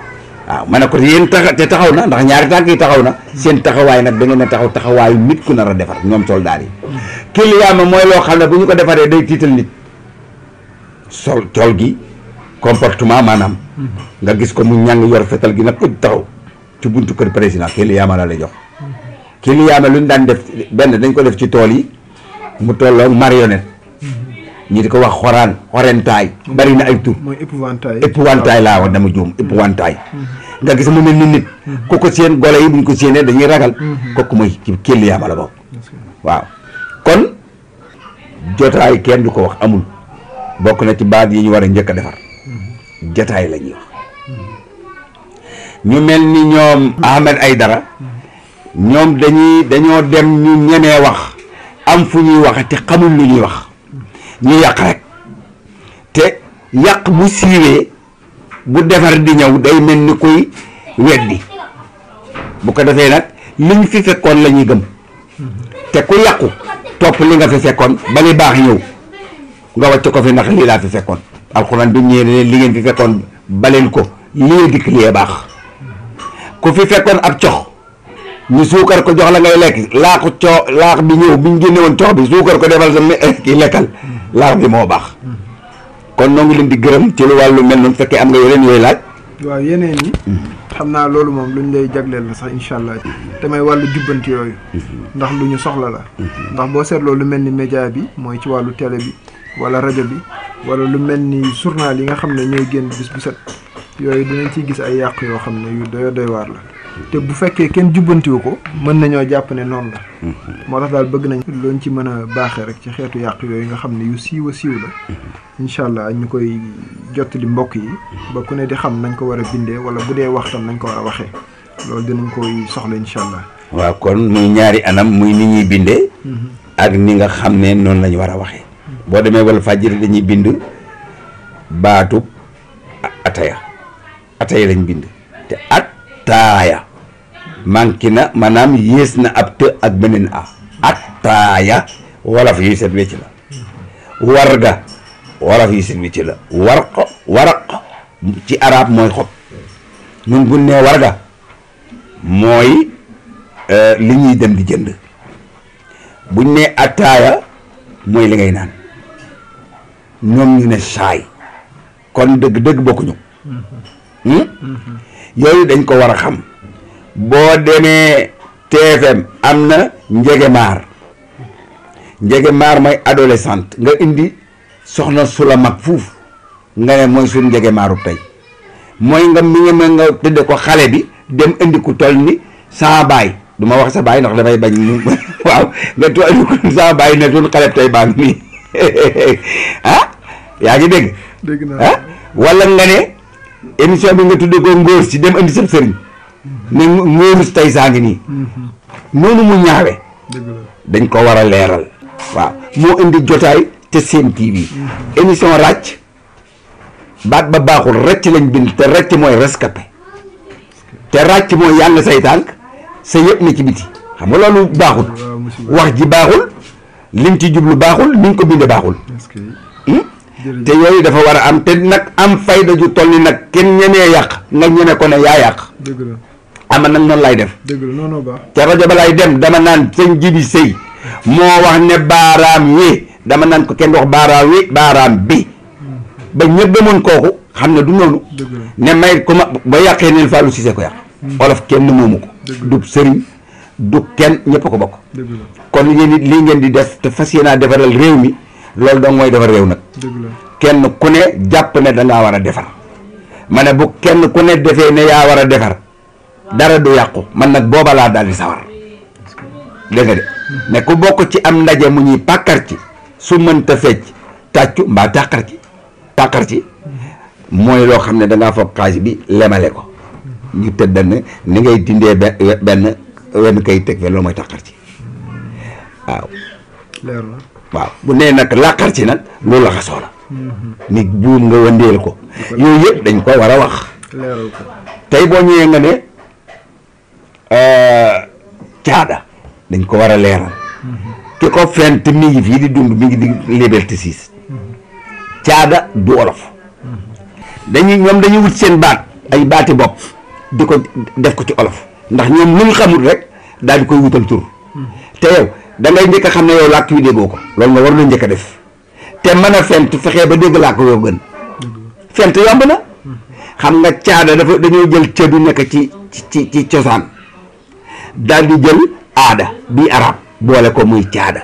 Ah, mana ma ko yeen taxa te taxaw na ndax ñaari tanki taxaw na seen taxaway nak da ngeen taxaw taxaway nit ku na ra defar ñoom soldaar yi kiliyam moy lo loo xam ko defare day tiital nit sol tol gi comportement manam nga gis ko mu ñang yor fetal gi nak ku taxaw ci buntu keur president kiliyam la lay jox kiliyam ma dan def ben dañ ko def ci tol yi mu marionnette ñi diko wax xoran bari na ay tur moy épouvantail épouvantail la wax dama juum hmm. épouvantail nga gis mu mel ni nit ku ko seen golo yi buñ ko séenee dañuy ragal mhm. kooku mooy ci kéll yaa bala bokk waaw kon jotaay kenn du ko wax amul bokk na ci baat yi ñu war a njëkk a defar mhm. jotaay la wax ñu mel ni ñoom Ahmed dara mhm. ñoom dañuy dañoo dem ñu ñemee wax am fu ñuy wax te xamul lu ñuy wax ñu yàq rek te yàq bu siiwee bu defar di ñëw day mel ni kuy weddi bu ko defee nag liñ fi fekkoon la ñuy gëm te ku yàqu topp li nga fi fekkoon ba li baax ñëw nga wàcc ko fi ndax lii laa fi fekkoon alxuraan bi ñëwee li ngeen fi fekkoon baleen ko lii dikk lee baax ku fi fekkoon ab cox ñu suukar ko jox la ngay lekk laaxu coo laax bi ñëw bi ñu génne woon cox bi suukar ko defal sa ki lekkal laax bi moo baax kon noo ngi leen di gërëm ci lu wàllu mel noonu fekkee am nga yeneen yooyu laaj. waaw yeneen yi. xam naa loolu moom lu ñu lay jagleel la sax incha allah te may wàllu jubbanti yooyu. ndax lu ñu soxla la. ndax boo seetloo lu mel ni média bi mooy ci wàllu télé bi wala rajo bi wala lu mel ni journal yi nga xam ne ñooy génn bis bu set yooyu dinañ ciy gis ay yàq yoo xam ne yu doy doy waar la. te bu fekkee kenn jubbantiwu ko mën nañoo jàpp ne noonu la mhm. moo tax daal bëgg nañ looñ ci mën a baaxe rek ci xeetu yàq yooyu nga xam ne yu siiw siiw la mhm. incha allah ñu koy jottali mbokk yi ba ku ne di xam nañ ko war a bindee wala bu dee waxtaan nañ ko war a waxee loolu dinañ koy soxla incha allah waaw kon muy ñaari anam muy ni ñuy bindee mhm. ak ni nga xam ne noonu lañu war a waxee boo demee wala fajiri dañuy bind baatub ataya ataya lañ bind te at attaaya manqué na maanaam yées na ab të ak beneen a attaaya wolof yi seen wecc la warga wolof yi set wecc la warq waraq ci arab mooy xob ñun bu nee warga mooy euh, li ñuy dem di jënd buñ ne attaaya mooy li ngay naan ñoom ñu ne saay kon dëgg dëgg bokkuñu hmm? mm-hmm. yooyu dañ ko war a xam boo demee TFM am na njegemaar njegemaar mooy adolescente nga indi soxna su la mag fuuf nga ne mooy suñ njegemaaru tey mooy nga mi ngi nga tëdd ko xale bi dem indi ku toll ni saa baay du wax sa baay ndax dafay bañ mu waaw nga toll saa baay ne suñ xale tey baa ngi nii ah yaa ngi dégg. dégg ah, nga ne. émission bi nga tuddee ko ngóor si dem indi sëb sëriñ ne ngóoru tey saa ngi nii noonu mu ñaawe dañ ko war a leeral waaw moo indi jotaay te seen TV émission ràcc baat ba baaxul ràcc lañ bind te ràcc mooy rescapé te ràcc mooy yàng say tànk sa yëpp ne ci biti xam nga loolu baaxul wax ji baaxul liñ ci jublu baaxul niñ ko bindee baaxul te yooyu dafa war a am te nag am fayda ju toll ni nag kenn ñemee yàq nga ñeme ko ne yaa yàq ama nag noonu lay def ca rajo ba lay dem dama naan sëñ jibi sëy moo wax ne baaraam wi dama naan ko kenn wax baaraam wi baaraam bi ba ñëpp gëmoon kooku xam ne du noonu ne may ko ma ba yàqee neen Fallou Cissé ko yàq hmm. olof kenn moomu ko du sëriñ du kenn ñëpp ko bokk kon yéen it lii ngeen di def te fas yéenaa defaral réew mi loolu dong mooy defar réew nag kenn ku ne jàpp ne dangaa war a defar ma ne bu kenn ku ne defee ne yaa war a defar dara du yàqu man nag booba laa daal di sawar dégg nga de ne ku bokk ci am ndaje mu ñuy pàkkar ci su mënta fecc tàccu mbaa tàqar mooy loo xam ne danga foog xaalis bi lemale ko ñu tëdd ne ni ngay dindee benn wenn kay teg fe loolu mooy tàqar ci waaw waaw bu nee nag làqar ci nag loolu la xasoo la ni buum nga wëndeel ko yooyu yëpp dañ ko war a wax tey boo ñëwee nga ne euh, caada dañ ko war a leeral ki ko fent mi ngi fii di dund mi ngi di liberté six caada du olof dañuy ñoom dañuy wut seen baat ay baati bopp di ko def ko ci olof ndax ñoom luñ xamul rek daal di koy wutal tur te yow da ngay njëkk a xam ne yow làkk wi déggoo ko loolu nga war na njëkk a def te mën a fent fexee ba dégg làkk yoo gën fent yomb na xam nga caada dafa dañoo jël cëdu nekk ci ci ci cosaan daal di jël aada bii arab boole ko muy caada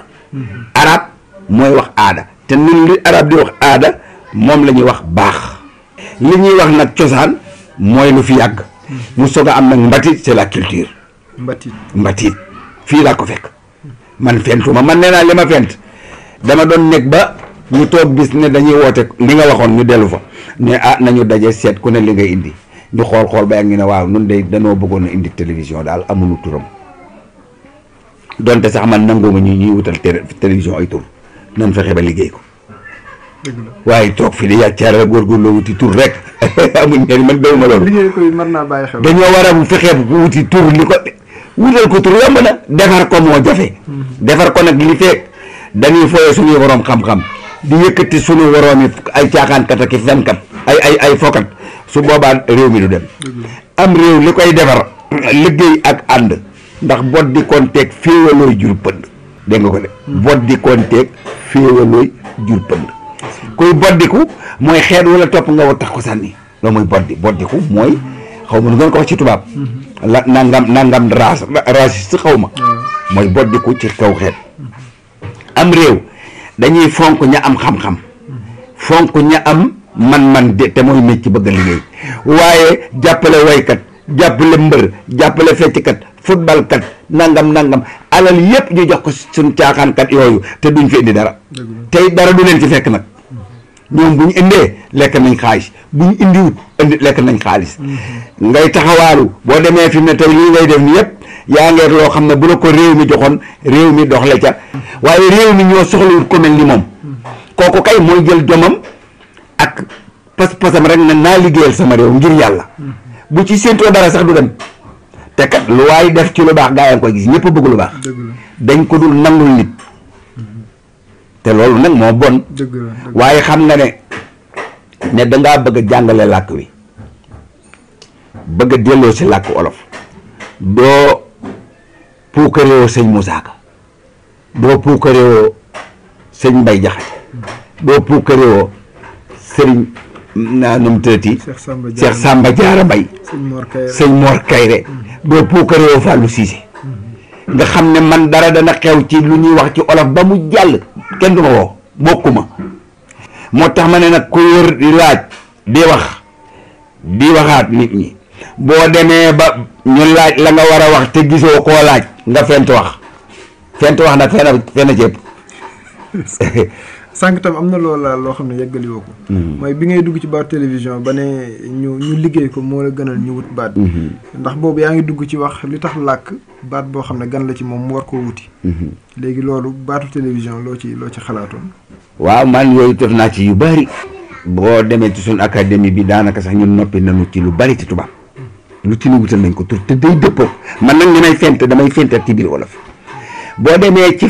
arab mooy wax aada te nun li arab di wax aada moom la ñuy wax baax li ñuy wax nag cosaan mooy lu fi yàgg mu soog a am nag mbatit c'est la culture mbatit fii laa ko fekk man fentuma man nee naa li ma fent dama doon nekk ba ñu toog bis ne dañuy woote li nga waxoon ñu dellu fa ne ah nañu daje seet ku ne li nga indi ñu xool xool ba ngi ne waaw nun de danoo bëggoon indi télévision daal amuñu turam donte sax man nanguwuma ñu ñuy wutal télévision ay tur nan fexe ba liggéey ko waaye toog fi di yàccaare góorgóorloo wuti tur dañoo war a fexe wuti tur li ko wutal ko tur yomb na defar ko moo jafe mm-hmm. defar ko nag li feeg dañuy fooye suñuy waroom xam-xam di yëkkati suñu waroom yi ay caaxaankat ak i ay ay su boobaa réew mi du dem mm-hmm. am réew li koy defar liggéey ak ànd ndax bot di konteeg féewalooy jur pënd dégg ko de mm-hmm. bot di konteeg féewalooy jur pënd kuy boddiku mooy xeet wala topp nga wa ko sànni loolu mooy boddi boddiku mooy xaw ma nu ngeen ko wax ci tubaab. Mm-hmm. la nangam nangam raas raciste xaw ma. Mm-hmm. mooy boddiku ci kaw xeet. Mm-hmm. am réew dañuy fonk ña am xam-xam. fonk ña am man-man de te mooy mécc bëgg a liggéey waaye jàppale waykat jàppale mbër jàppale fecckat football kat nangam nangam alal yépp ñu jox ko suñ caaxaankat yooyu te duñ fi indi dara. tey dara du leen ci fekk nag. ñoom bu ñu indee lekk nañ xaalis bu ñu indiwut indi lekk nañ xaalis ngay taxawaalu boo demee fi mu ne lii ngay def ni yëpp yaa ngeer loo xam ne bu la ko réew mi joxoon réew mi dox la waaye réew mi ñoo soxlawut ko mel ni moom kooku kay mooy jël jomam ak pas-pasam rek na naa liggéeyal sama réew ngir yàlla bu ci séentoo dara sax du dem te kat lu waay def ci lu baax gaa yaa ngi koy gis ñëpp bëgg lu baax dañ ko dul nangul nit te loolu nag moo bon waaye xam nga ne ne dangaa bëgg a jàngale làkk wi bëgg a delloo si làkk olof doo puukaréewoo sëñ Moussa Ka doo puukaréewoo sëñ Mbay Jaxate mm-hmm. doo puukaréewoo sëriñ naa num tëti Cheikh Samba Diarra Mbay sëñ Mor Kayre mm-hmm. doo puukaréewoo Fallou Cissé mm-hmm. nga xam ne man dara dana xew ci lu ñuy wax ci olof ba mu jàll kenn du ma woo bokkuma moo tax ma ne nag ku wër di laaj di wax di waxaat nit ñi boo demee ba ñu laaj la nga war a wax te gisoo koo laaj nga fent wax fent wax nag fenn fenn ceeb sànq tam am na loola loo xam ne yëggal woo ko. Mhm. mooy bi ngay dugg ci baatu télévision ba ne ñu ñu liggéey ko moo la gënal ñu wut baat. Mhm. ndax boobu yaa ngi dugg ci wax li tax làkk baat boo xam ne gan la ci moom mu war koo wuti. Mhm. léegi loolu baatu télévision loo ci loo ci xalaatoon. waaw man yooyu def naa ci yu bari boo demee ci suñu académie bi daanaka sax ñun noppi nañu ci lu bari ci tubaab. lu ci nu wutal nañ ko tur te day dëppoo man nag ñu may fent damay fentat ci biir wolof boo demee ci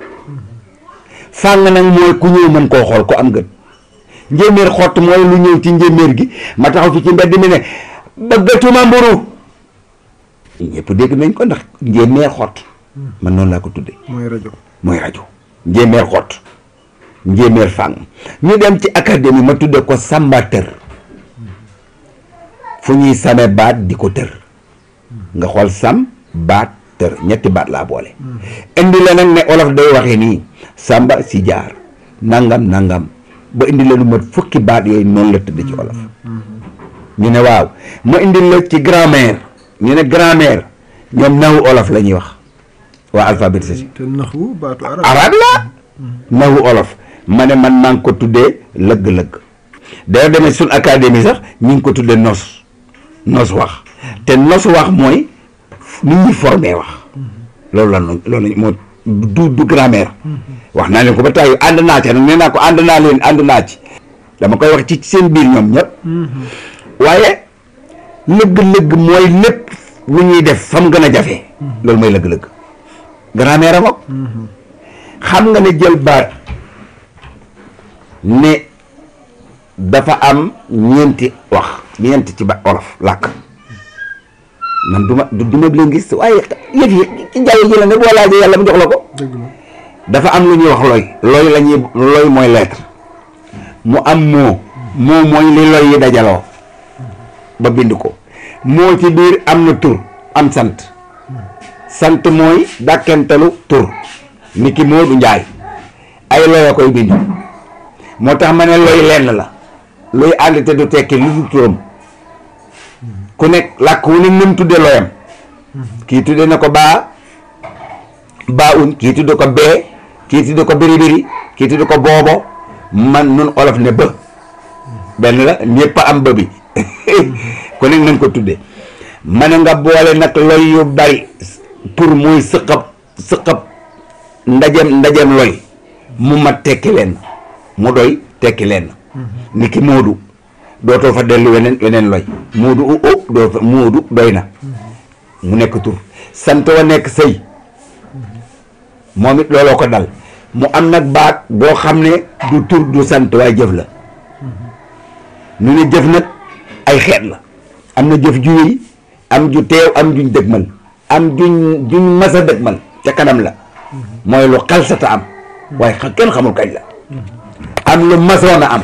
sàng nag mooy ku ñëw mën koo xool ko am gën njéeméer xott mooy lu ñëw ci njéeméer gi ma taxaw fi ci mbedd mi ne bëggatuma mburu ñëpp dégg nañ ko ndax njéeméer xott hmm. man noonu laa ko tuddee. mooy rajo mooy rajo njéeméer xott njéeméer fàng ñu dem ci académie ma tudde ko sàmba tër hmm. fu ñuy same baat di ko tër hmm. nga xool sam baat docteur ñetti bat la bolé indi la nag ne olof day waxé ni samba si jaar nangam nangam ba indi lenu mat fukki bat yoy non la tudd ci olaf ñu né waw mo indi la ci grand-mère ñu né grand-mère ñom naw olaf lañuy wax waa batu arab la mm-hmm. naw olaf. mané ne man maa ko tuddé leug leug d'ailleurs démé sun académie sax ñing ko tuddé nos nos wax té nos wax mooy ni ñuy formé wax loolu la loolu moo du du grammaire wax naa leen ko ba tàyyi ànd naa ci nag naa ko ànd naa leen ànd naa ci dama koy wax ci seen biir ñoom ñëpp waaye lëgg-lëgg mooy lépp lu ñuy def fam gën a jafe loolu mooy lëgg-lëgg grammaire a xam nga ne jël baat ne dafa am ñeenti wax ñeenti ci ba olof làkk nan du ma du ma leen gis waaye yëf yi ci jaww ji la ne boo laajee jox la ko. dafa am lu ñuy wax looy. looy la ñuy mooy lettre mu am moo. moo mooy li looy yi dajaloo ba bind ko moo ci biir am na tur am sant sant mooy dàkkentalu tur ni ki Moodu Njaay ay looy a koy bind moo tax ma ne looy lenn la luy ànd te du tekki lu du turam. ku nekk làkk wu nekk num tudde looyam kii tudde na ko baa baa un kii tudde ko bee kii tudde ko biribiri kii tudde ko boobo man nun olof ne bë benn la ñëpp am bë bi ku nekk nañ ko tudde mën nga boole nag loy yu bari pour muy sëqab sëqab ndajem ndajem loy mu mat tekki leen mu doy tekki leen mm-hmm. ni ki moodu dootoo fa dellu weneen weneen loy mu u u doo fa doy na mu nekk tur sant wa nekk sëy moom it looloo ko dal mu am nag baat boo xam ne du tur du sant waaye jëf la ñu ne jëf nag ay xeet la am na jëf ju wéy am ju teew am juñ dëgmal am juñ juñ masa dëgmal ca kanam la mooy lu xalsata am waaye kenn xamul kañ la am lu masoon am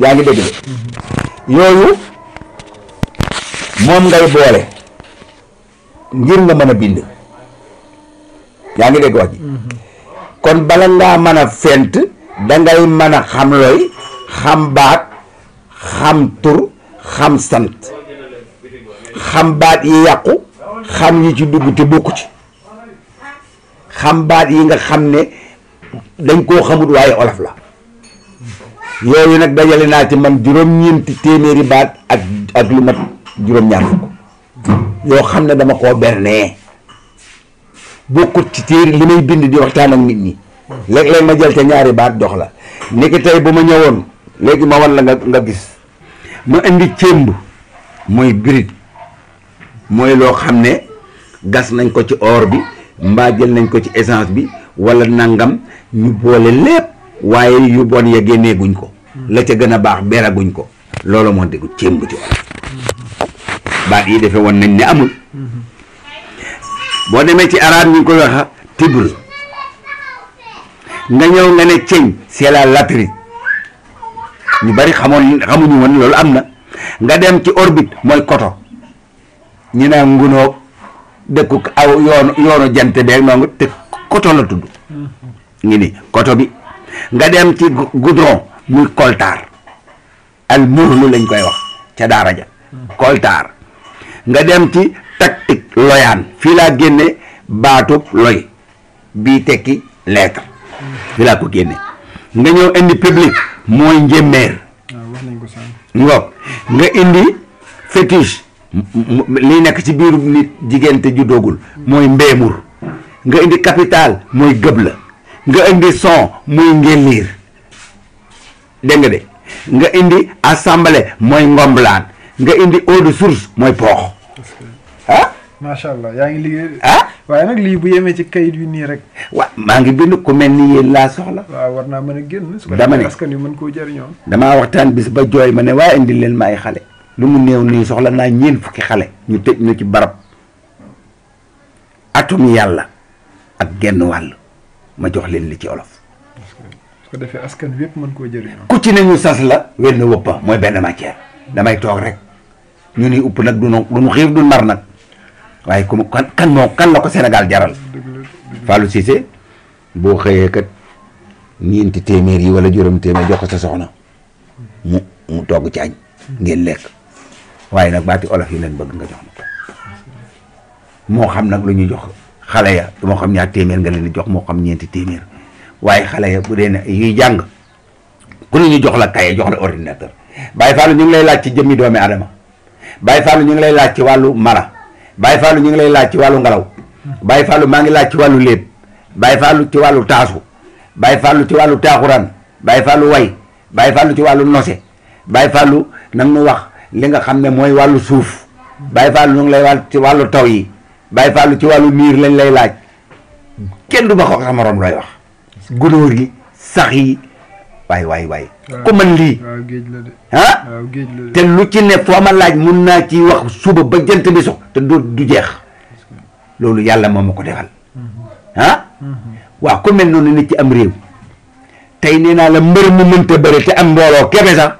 yaa ngi dégg de yooyu moom ngay boole ngir nga mën a bind yaa ngi dégg wax ji kon bala ngaa mën a fent dangay mën a xam looy xam baat xam tur xam sant xam baat yi yàqu xam yi ci dugg te bokku ci xam baat yi nga xam ne dañ koo xamut waaye olof la yooyu nag dajale naa ci man juróom-ñeenti téeméeri baat ak ak lu mat juróom-ñaar fukk yoo xam ne dama koo bernee bokkut ci téere li may bind di waxtaan ak nit ñi léeg-léeg ma jël ca ñaari baat dox la niki tey bu ma ñëwoon léegi ma wan la nga nga gis ma indi cémb mooy birit mooy loo xam ne gas nañ ko ci oor bi mbaa jël nañ ko ci essence bi walla nangam ñu boole lépp waaye yu bon ya génneeguñ ko la ca gën a baax beraguñ ko loolu moo déggu cémb ci baat yi defe woon nañ ni amul boo demee ci arab ñu ngi koy wax tibr nga ñëw nga ne ceñ c'est la latrie ñu bari xamoon xamuñu woon loolu am na nga dem ci orbite mooy koto ñu naa ngunoo dëkku aw yoonu yoonu jant beeg noonu te koto la tudd mm-hmm. ngi ni koto bi nga dem ci goudron muy koltaar al murlu lañ koy wax ca daara koltaar nga dem ci tactique loyaan fii laa génne baatub loy bi tekki lettre fii laa ko génne nga ñëw indi public mooy njéeméer ngoog nga indi fétiche li nekk ci biiru nit jigéen te ju doogul mooy mbéemur nga indi capital mooy gëb la nga indi son muy ngelir dégg nga de nga indi assemblée moy ngomblan nga indi eau de source mooy poox ah macha allah yaa ngi ligue ha waye nak li bu yeme ci kayit bi ni rek wa ma ngi bind ku melni la soxla wa warna meuna genn su dama ne askan yu meun ko jëriñoo dama waxtan bis ba joy mané ne indi len may xalé lu mu new ni soxla na ñeen fukki xalé ñu tëj ñu ci barab atum yalla ak genn wàll ma jox leen li ci olof. su ko defee mën koo jëriñoo. ku ci ne ñu sas la. wenn wëppa mooy benn matière. damay toog rek ñu ni upp nag du nu du xiif du mar nag waaye ku kan kan moo kan la ko Sénégal jaral. Fallou Cissé boo xëyee kat ñeenti téeméer yi wala juróom téeméer jox ko sa soxna mu mu togg ci añ ngeen lekk waaye nag baati olof yi leen bëgg nga jox moo xam nag lu ñuy jox. xale ya moo xam ñaar téeméer nga leen di jox moo xam ñeenti téeméer waaye xale ya bu dee ne yuy jàng ku ne ñu jox la kaye jox la ordinateur Baye Fallou ñu ngi lay laaj ci jëmmi doomi Adama Baye ñu ngi lay laaj ci wàllu mara Baye Fallou ñu ngi lay laaj ci wàllu ngelaw Baye Fallou maa ngi laaj ci wàllu léeb Baye Fallou ci wàllu taasu Baye Fallou ci wàllu taaxuraan Baye Fallou way Baye Fallou ci wàllu nose Baye Fallou nag nu wax li nga xam ne mooy wàllu suuf baay Fallou ñu ngi lay laaj ci wàllu taw yi bàyyi fàllu ci wàllu miir lañ lay laaj kenn du ba ko sa morom lay wax gunóor yi sax yi waay waay waay ku mën lii ah te lu ci ne foo laaj mun naa ci wax suba ba jant bi sox te du du jeex loolu yàlla moo ma ko defal ah waaw ku mel noonu nit ci am réew tey nee naa la mbër mu mënta bëri te am mbooloo kebe sax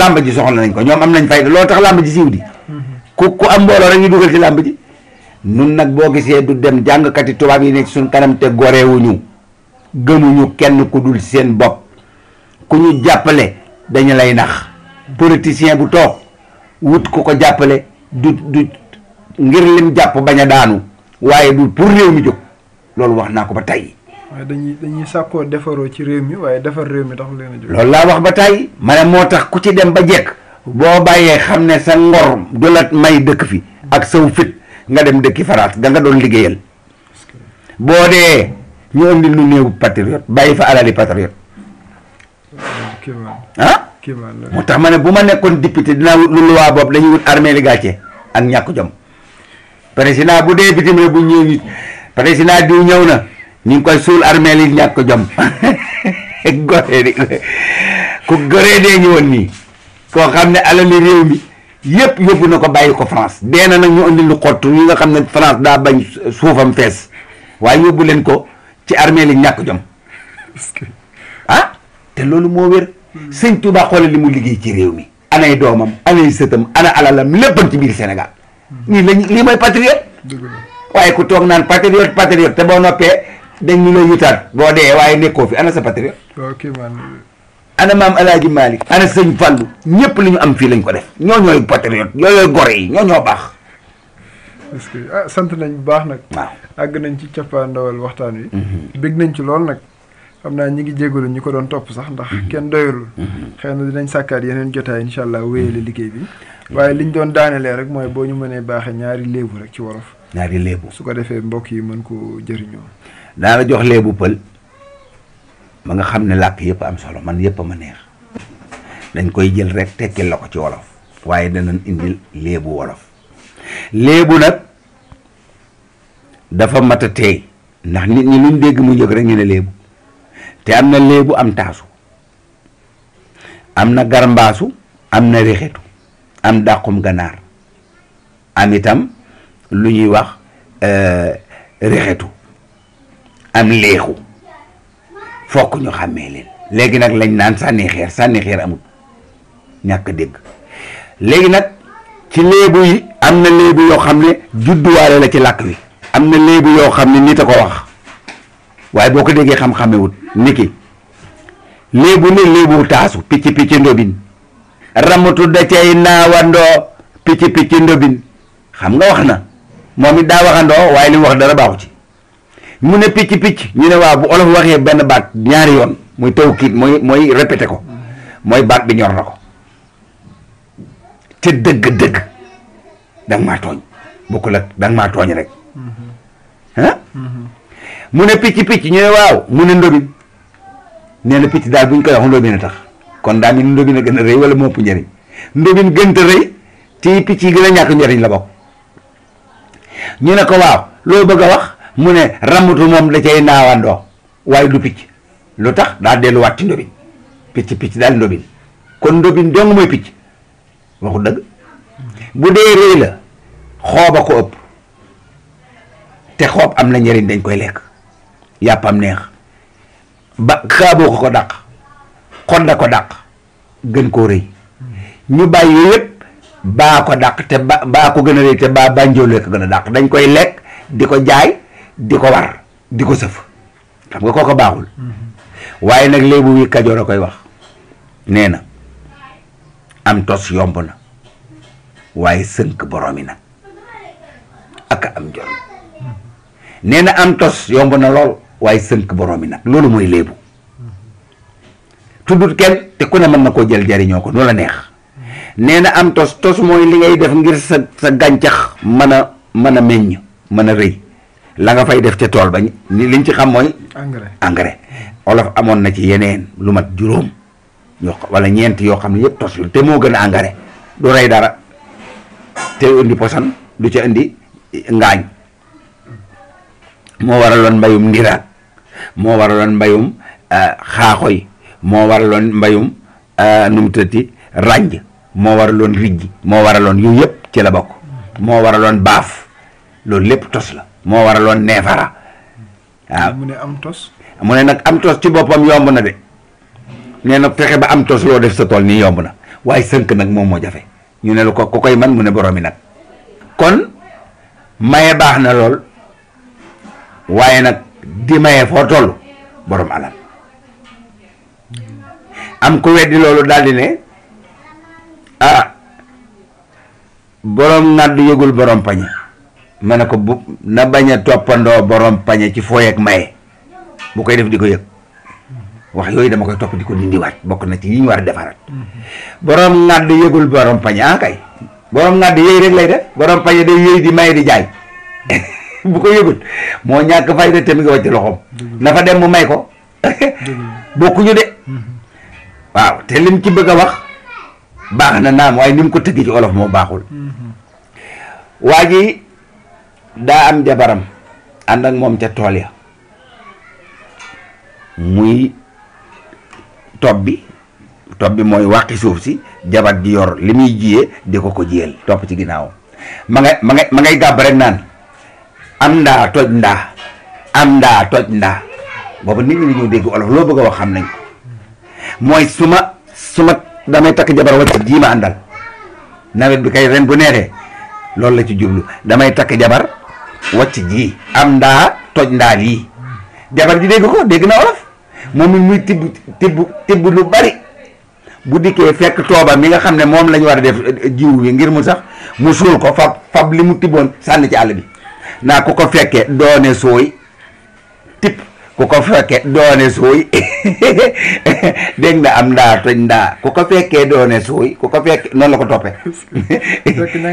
làmb ji soxla nañ ko ñoom am nañ fayda loolu tax làmb ji siiw di mm-hmm. ku ku am mbooloo rek ñu dugal ci làmb nun nag boo gisee du dem jàngkati tubaab yi nekk suñ kanam te gorewuñu gëmuñu kenn ku dul seen bopp ku ñu jàppale dañu lay nax politicien bu toog wut ku ko jàppale du du ngir lim jàpp bañ a daanu waaye du pour réew mi jóg loolu wax naa ko ba tey. waaye dañuy dañuy sàkkoo defaroo ci réew mi waaye defar réew mi tax leen a jóg. loolu laa wax ba tey ma moo tax ku ci dem ba jekk boo bàyyee xam ne sa ngor du la may dëkk fi ak saw fit nga dem dëkki France danga doon liggéeyal boo dee ñu indi lu néew patriote bàyyi fa alali patriote ah moo tax ma ne bu ma nekkoon député dinaa wut lu luwaa boobu dañuy wut armée gàcce ak ñàkk jom président bu dee bitim rek bu ñëw nit président diw ñëw na ñu ngi koy suul armée li ñàkk jom ku goree dee ñëwoon nii koo xam ne alali réew mi yëpp yóbbu na ko bàyyi ko France dee na nag ñu andi lu xottu yi nga xam ne France daa bañ euh, suufam fees waaye yóbbu leen ko ci armée li ñàkk jom ah te loolu moo wér hmm. sëñ Touba xoolal li mu liggéey ci réew mi yi doomam anay sëtam ana alalam léppam ci biir Sénégal nii hmm. lañ lii mooy patriote waaye ku toog naan patriote patriote te boo noppee dañ ñu la yutaat boo dee waaye nekkoo fi ana sa patriote euh, ana maam alaaji Malick ana sëñ Fallou ñëpp li ñu am fii lañ ko def ñoo ñooy patriote yooyooy gore yi ñoo ñoo baax parce ah, sant nañ bu baax nag àgg nañ ci cappaandawal waxtaan wi mhm. bég nañ ci lool nag xam naa ñi ngi jégalu ñi ko doon topp sax ndax mhm. kenn doyalul mhm. xëy dinañ sàkkaat yeneen jotaay incha allah wéyale liggéey bi waaye liñ doon daanelee rek mooy boo ñu mënee baaxee ñaari léebu rek ci worof ñaari léebu su ko defee mbokk yi mën ko jëriñoo. daa jox léebu pël ma nga xamne lak yep am solo man yep ma neex dañ koy jël rek tekkil lako ci wolof waye da nañ indi lebu wolof lebu nak dafa mata tey ndax nit ñi luñu dégg mu jëg rek ñu ne lebu te amna lebu am tasu amna na amna réxetu am dàqum ganar am itam luñuy wax euh réxetu am léexu fokk ñu xàmmee leen léegi nag lañ naan sànni xeer sànni xeer ñàkk dégg léegi nag ci léebu yi am na léebu yoo xam ne judduwaale la ci làkk wi am na léebu yoo xam ne nit a ko wax waaye boo ko déggee xam-xamewut niki léebu ne léebu taasu picc picc ndobin ramatu da cay naawandoo picc picc ndobin xam nga wax na moom it daa waxandoo waaye li wax dara baaxu ci mu ne picc picc ñu ne waaw bu olof waxee benn baat ñaari yoon muy taw kiit mooy mooy répété ko mooy baat bi ñor na ko te dëgg-dëgg da maa tooñ bokk la da nga maa tooñ rek ah mu ne picc picc ñu ne waaw mun ne ndobin nee na picc daal bu ñu koy wax ndobin a tax kon daal mel ni a gën a rëy wala mopp njëriñ ndobin gënta rëy te picc yi gën a ñàkk njëriñ la bokk ñu ne ko waaw loo bëgg a wax mu ne ramatu moom da cay naawandoo waaye du picc lu tax daa delluwaat ci ndobin picc picc daal ndobin kon ndobin dong mooy picc waxu dëgg bu dee réy la xooba ko ëpp te xoob am na njëriñ dañ koy lekk yàppam neex ba xaaboo ko ko dàq xodda ko dàq gën koo rëy ñu bàyyi yëpp baa ko dàq te ba baa ko gën a rëy te baa bànjool lekk gën a dàq dañ koy lekk di ko jaay di ko war di ko sëf xam nga kooko baaxul mm-hmm. waaye nag léebu wi kajoor a koy wax nee na am tos yomb na waaye sënk boroomi nag ak am mm-hmm. na am yomb na lool waaye sënk boroomi nag loolu mooy léebu mm-hmm. tuddut kenn te ku ne mën na koo jël jariñoo ko nu la neex nee na am tos tos mooy li ngay def ngir sa sa gàncax mën a mën a meññ mën a rëy la nga fay def ca tool ba li liñ ci xam mooy. engrais engrais olof amoon na ci yeneen lu mat juróom ñoo wala ñeent yoo xam ne yëpp tos la te moo gën a engrais du rey dara te indi posan du ca indi ngaañ moo waraloon mbayum ndiraat moo waraloon mbayum euh, xaaxo yi moo waraloon mbayum euh, nu mu tëddi rànj moo waraloon rijji moo waraloon yooyu yëpp ci la bokk moo waraloon baaf loolu lépp tos la. mo waralon neefara amune ah. am tos amune ne am tos ci bopam yomb na de nee na fexe ba am tos lo def sa tol ni yomb na way seunk nak mom mo jafé ñu ne la ko ku koy man mu ne boromi nak kon maye bax na lol waye nak di maye fo tol borom alal am ku weddi loolu daldi ne ah borom ngàdd yegul borom pañi ma ne ko bu na bañ a toppandoo borom pañe ci fooy ak maye bu koy def di ko yëg wax yooyu dama koy topp di ko dindiwaat bokk na ci yi ñu war a defaraat borom ŋàdd yëgul borom pañe ah kay borom ŋàdd yëy rek lay def borom pañe day yëy di maye di jaay bu ko yëgul moo ñàkk fayda te mi nga wàcc loxoom na fa dem mu may ko bokkuñu de mm-hmm. waaw te lim ci bëgg a wax baax na naam waaye ni mu ko tëggee ci olof moo baaxul mm-hmm. waa da am jabaram and ak mom ca tol ya muy tob bi tob bi suuf si jabat di yor limi jiyé de ko ko jiyel top ci ginaaw ma nga ma nga ma ngay rek nan am ndaa toj nda am ndaa toj nda bobu nit ñi ñu dégg olof lo bëgg wax xam nañ moy suma suma damay tak jabar wa ma andal nawet bi kay ren bu néré loolu la ci jublu damay tak jabar wàcc ji am ndaa toj ndaa lii jabar ji dégg ko dégg na olof moom it muy tibb tibb tibb lu bari bu dikkee fekk tooba mi nga xam ne moom lañu war a def eh, jiw bi ngir mu sax mu suul ko fab fab li mu tibboon sànni ci àll bi naa ku ko fekkee doone sooy tibb ko fekkee doone sooy dégg na am ndaa toj ndaa ku ko fekkee doone sooy ku ko fekkee noonu la ko toppee. fekk mi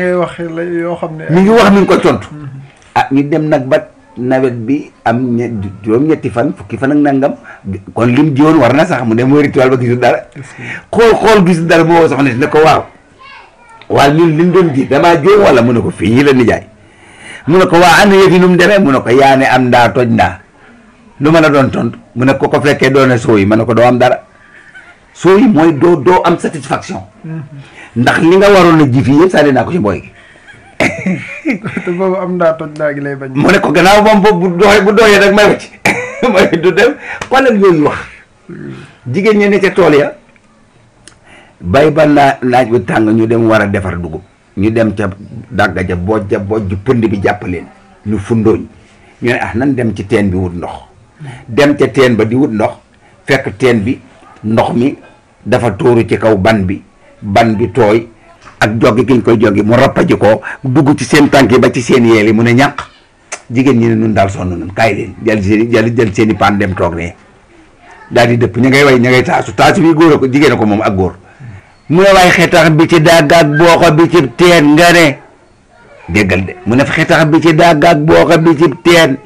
ngi wax mi ko tontu. Mm-hmm. ah ñu dem nag ba nawet bi am ñe juróom-ñetti fan fukki fan ak nangam kon lim jiwoon war na sax mu dem wéri tool ba gisul dara xool xool gisul dara moo soxna si ne ko waaw waaw ñun liñ doon ji damaa jóom wala mu ne ko fii la nijaay mu ne ko waa ana yëfi nu mu ko yaane am ndaa toj ndaa lu mën a doon tontu mu ne ko ko fekkee doone soo yi ma ne ko doo am dara soo mooy doo doo am satisfaction mm-hmm. ndax li nga waroon a ji fii yëpp sànni naa ko ci mbooy gi te am ndaa naa gi lay bañ. ne ko gannaaw moom boobu bu doxee bu doxee rek may wacc may du dem xoolal yooyu wax. jigéen ñi ne ca tool ya. bay ba laa laaj bu tàng ñu dem war a defar dugub. ñu dem ca dàgga ja boj ja bojj pënd bi jàppaleen ñu fundooñ ñu ne ah nan dem ci teen bi wut ndox dem ca teen ba di wut ndox fekk teen bi ndox mi dafa tóoru ci kaw ban bi ban bi tooy ak joggi giñ koy joggi mu rappaji ko dugg ci seen tanki ba ci seen yeli mu ne ñak jigen ñi ne nun daal sonn nun kaay leen jël seen jël jël seen pan dem tok ne dal di depp ña ngay way ña ngay taasu taasu bi goor ko jigen ko mom ak goor mu ne way xetax bi ci dàgg ak boko bi ci teen nga ne déggal de mu ne xetax bi ci dàgg ak boko bi ci teen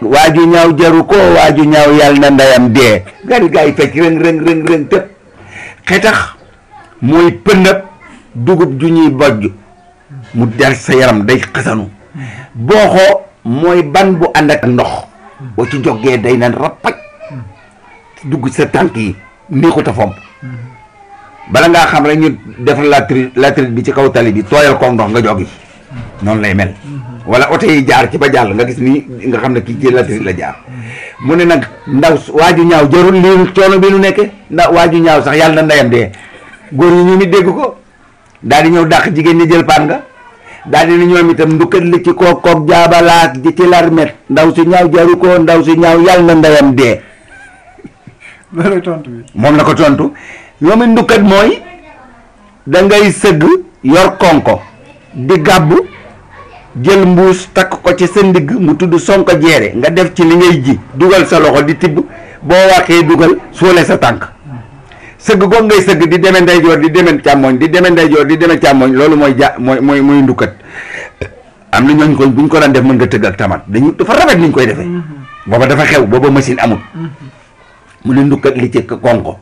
waju ñaw jaru ko waju ñaw yal na ndayam de gari gay fecc reng reng reng reng tepp xetax moy peunep dugub ju ñuy bojj mu der sa yaram day xasanu booxoo mooy ban bu ànd ak ndox boo ci jogee day nan rappaj dugg sa tànk yi nii ko ta bala ngaa xam rek ñu def latérite latérite bi ci kaw tali bi tooyal ko ndox nga jogi noonu lay mel wala oto yi jaar ci ba jàll nga gis nii nga xam ne kii ci latérite la jaar mu ne nag ndaw waaju ñaaw jarul lii coono bi nu nekke ndax ju ñaaw sax yàlla na ndeyam dee góor ñi ñu mi dégg ko Dari di ñëw dàq jigéen ñi jël pan nga daal di ñoom itam ndukkal li ci ko ko jabalak di ci larmet ndaw ci ñaaw jaru ko ndaw si ñaaw na ndayam de loolu tontu mom moom la ko tontu ñoom ndukkat moy da ngay seug yor konko di gabbu jël mbuus tak ko ci sa mu tuddu sonko jéré nga def ci li ngay ji dugal sa loxo di tibb dugal sóole sa tank sëgg goog ngay sëgg di deme ndeyjoor di deme càmmoñ di deme ndeyjoor di deme càmmoñ loolu mooy ja mooy mooy mooy ndukkat am na ñooñ ko bu ñu ko daan def mën nga tëgg ak tamat dañu dafa rafet ni ñu koy defee mm-hmm. booba dafa xew booba machine amul mm-hmm. mu ne ndukkat li ci konko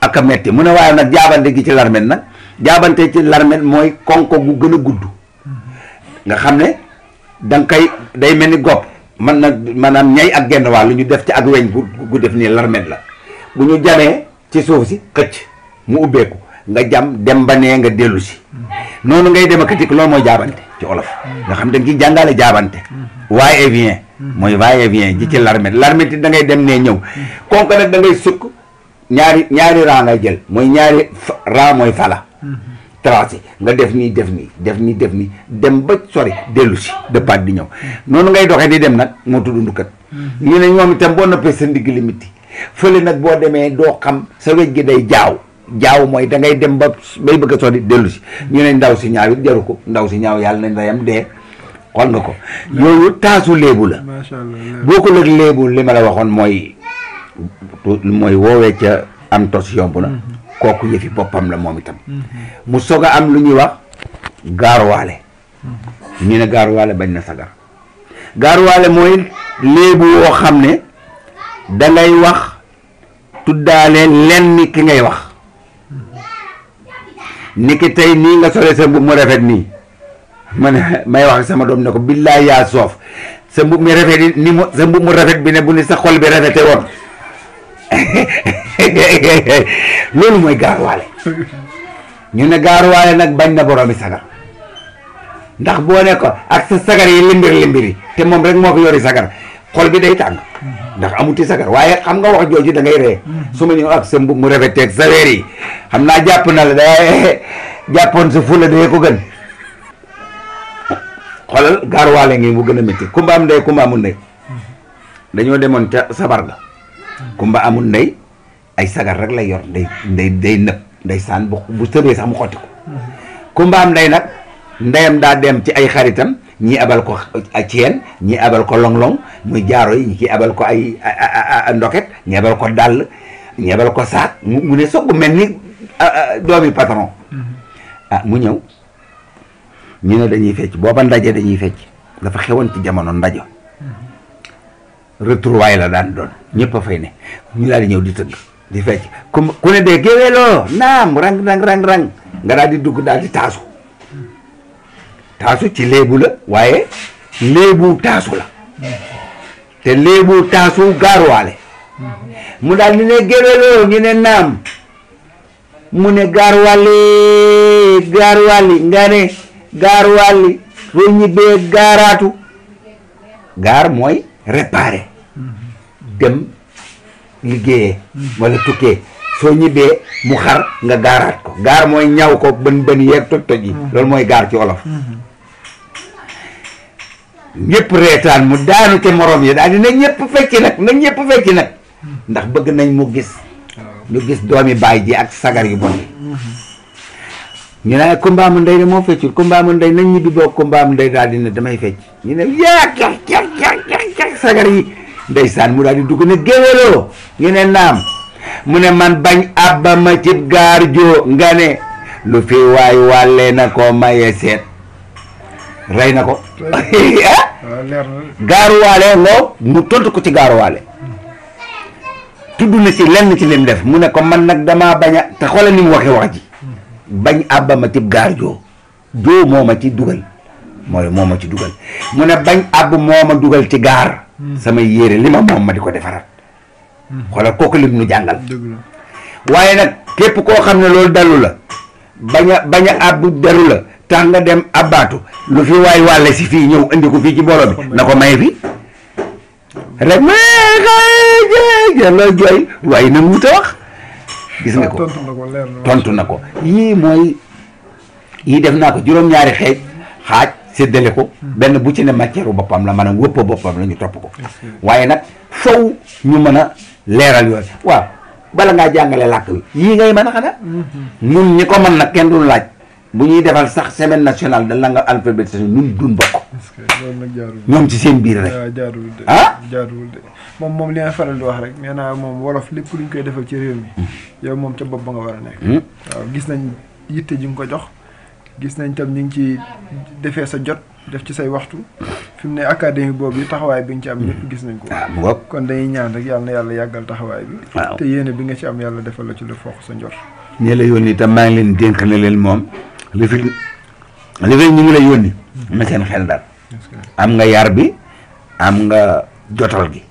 ak a metti mu ne waaye nag jaabante gi ci larmet na jaabante ci larmet mooy konko gu gën a gudd mm-hmm. nga xam ne da kay day mel ni gopp man na maanaam ñay ak genn wàll ñu def ci ak weñ gu def nii larmet la ñu jamee ci suuf si xëcc mu ubbeeku nga jam dem ba nee nga dellu si noonu ngay dem a këcc loolu mooy jaabante ci olof nga xam dañ ciy jàngale jaabante waaye et mooy waaye et vient ji ci larmet larmet da ngay dem nee ñëw konk nag da ngay sukk ñaari ñaari raa ngay jël mooy ñaari raa mooy fala tracé nga def nii def nii def nii def nii dem ba sori dellu si dëppaat di ñëw noonu ngay doxee di dem nag moo tudd ndukkat ñu ne ñoom itam boo noppee sa ndigg li mitti fële nag boo demee doo xam sa wéj gi day jaaw jaaw mooy da ngay dem ba bay bëgg a sori dellu si ñu ne ndaw si ñaaw it jaru ko ndaw si ñaaw yàlla na la yam dee xool nga ko yooyu taasu léebu la boo ko lëg léebu li ma la waxoon mooy mooy woowee ca am tos yomb na mhm. kooku yëfi boppam la moom itam mhm. mu soog a am lu ñuy wax gaaruwaale mhm. ñu ne gaaruwaale bañ na sagar gaaruwaale mooy léebu woo xam ne dangay wax tuddaale lenn ki ngay wax ni ki tey nii nga sole sa mbubb mu rafet nii man may wax sama doom ne ko billaay yaa soof sa mbubb mi rafet mu sa mbubb rafet bi ne bu ni sa xol bi rafete woon loolu mooy gaaruwaale ñu ne gaaruwaale nag bañ na boroomi sagar ndax boo ne ak sa sagar yi limbir limbir yi te moom rek moo ko yori sagar xol bi day tàng ndax ci sagar waaye xam nga wax jooju da ree su ma ñëw ak sa mu rafet ak sa weer yi xam naa jàpp na la day jàppoon sa fula dee ko gën xolal gaar waale ngi mu gën a métti kumba am ndey kumba amul ndey dañoo demoon ca sabar ga kumba amul ndey ay sagar rek lay yor ndey ndey day nëb ndey saan bu bu sax mu xotti ko kumba am ndey nag ndeyam daa dem ci ay xaritam ñi abal ko ceen ñi abal ko long-long muy jaaro yi ñi abal ko ay ndoket ñi abal ko dàll ñi abal ko saak mu ne sogg mel ni doomi pataron mm-hmm. ah, mu ñëw ñu ne dañuy fecc booba ndaje dañuy fecc dafa xewoon ci jamono ndajo mm-hmm. retrouvaille la daan doon ñëpp fay ne ñu daal di ñëw di tëgg di fecc ku ne dee géwéloo naam rang rang rang nga daal di dugg daal di taasu taasu ci léebu la waaye léebu taasu la te léebu taasu gaaruwaale mu daal di ne géwéloo ñu ne naam mu ne gaaruwaali gaaruwaali nga ne gaaruwaali foo ñibbee gaaraatu gaar mooy réparé dem liggéeyee wala tukkee soo ñibbee mu xar nga gaaraat ko gaar mooy ñaw ko bën bën yeeg toj toj yi mm-hmm. loolu mooy gaar ci olof mm-hmm. ñëpp reetaan mu daanu te morom yi daal di na ñëpp nag na ñëpp fekki nag ndax bëgg nañ mu gis ñu gis doomi baay ji ak sagar yu bon ñu ne Kumba mu ndey de nañ ñibbi boog Kumba mu ndey daal di ne damay fecc ñu ne yaa ker sagar yi ndeysaan mu daal di dugg ne géwéloo ñu ne naam mu ne man bañ abba ma cib gaar joo nga ne lu fi waay wàllee na ko maye seet rey na ko ah, gaaruwaale loo mu tontu ko ci gaaruwaale tudd na ci lenn ci lim def mu ne ko man nag damaa bañ a te xoolal ni mu waxee wax ji bañ àbba ma ci gaar joo joo moo ma ci dugal mooy moom ma ci dugal mu ne bañ àbb moom a dugal ci gaar hmm. samay yére li ma moom ma di ko defaraat hmm. xoolal kooku lim nu jàngal waaye nag képp koo xam ne loolu dalu la bañ a àbb dalu la tax nga a abbaatu lu fi waay wàlle si fii ñëw indi ko fii ci mbooloo bi na ko maye fi rek ma xëy looy jooy waaye na mu wax gis nga ko tontu na ko yii mooy yii def naa ko juróom-ñaari xeej xaaj séddale ko benn bu ci ne matière boppam la maanaam wëpp boppam la ñu topp ko waaye nag faw ñu mën leeral yoon waaw bala ngaa jàngale làkk wi yii ngay mën a xanaa nun mhm. ñi ko mën nag kenn du laaj bu ñuy defal sax semaine nationale de langue alphabétisation ñun duñ bokk. loolu nag jaarul ñoom ci seen biir rek. waaw ah, jaarul de ah jaarul moom moom li faral di wax rek nee naa moom wolof lépp lu ñu koy defal ci réew mi. Mm. yow moom ca bopp ba nga war a nekk. Mm. waaw gis nañ yitte ji nga ko jox gis nañ tam ñu ngi ci defee sa jot def ci say waxtu fi mu ne académie boobu taxawaay bi nga ci am ñëpp gis nañ ko. waaw mm. ah, kon dañuy ñaan rek yàlla yàlla yàggal taxawaay bi. te yéene bi nga ci am yàlla defal la ci lu foox sa njor. ñee la yónni itam maa ngi leen dénk leen moom. li fi li ñu ngi lay yónni na seen xel daal am nga yar bi am nga jotal gi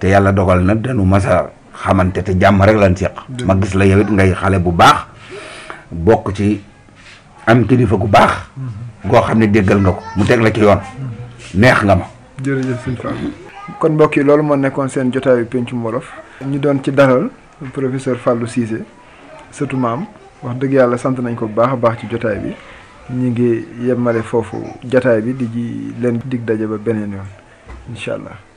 te yàlla dogal na dañu masa xamante te jàmm rek lan seq ma gis la yow it ngay xale bu baax bokk ci am kilifa gu baax mm-hmm. goo xam ne déggal nga ko mu teg la ci yoon mm-hmm. neex nga ma jërëjëf sëñ kon mbokk yi loolu moo nekkoon seen jotaayu Pencum Wolof ñu doon ci dalal professeur Fallou Cissé surtout maam wax dëgg yàlla sant nañ ko bu baax a baax ci jotaay bi ñu ngi yemale foofu jotaay bi di ji leen digg daje ba beneen yoon incha allah.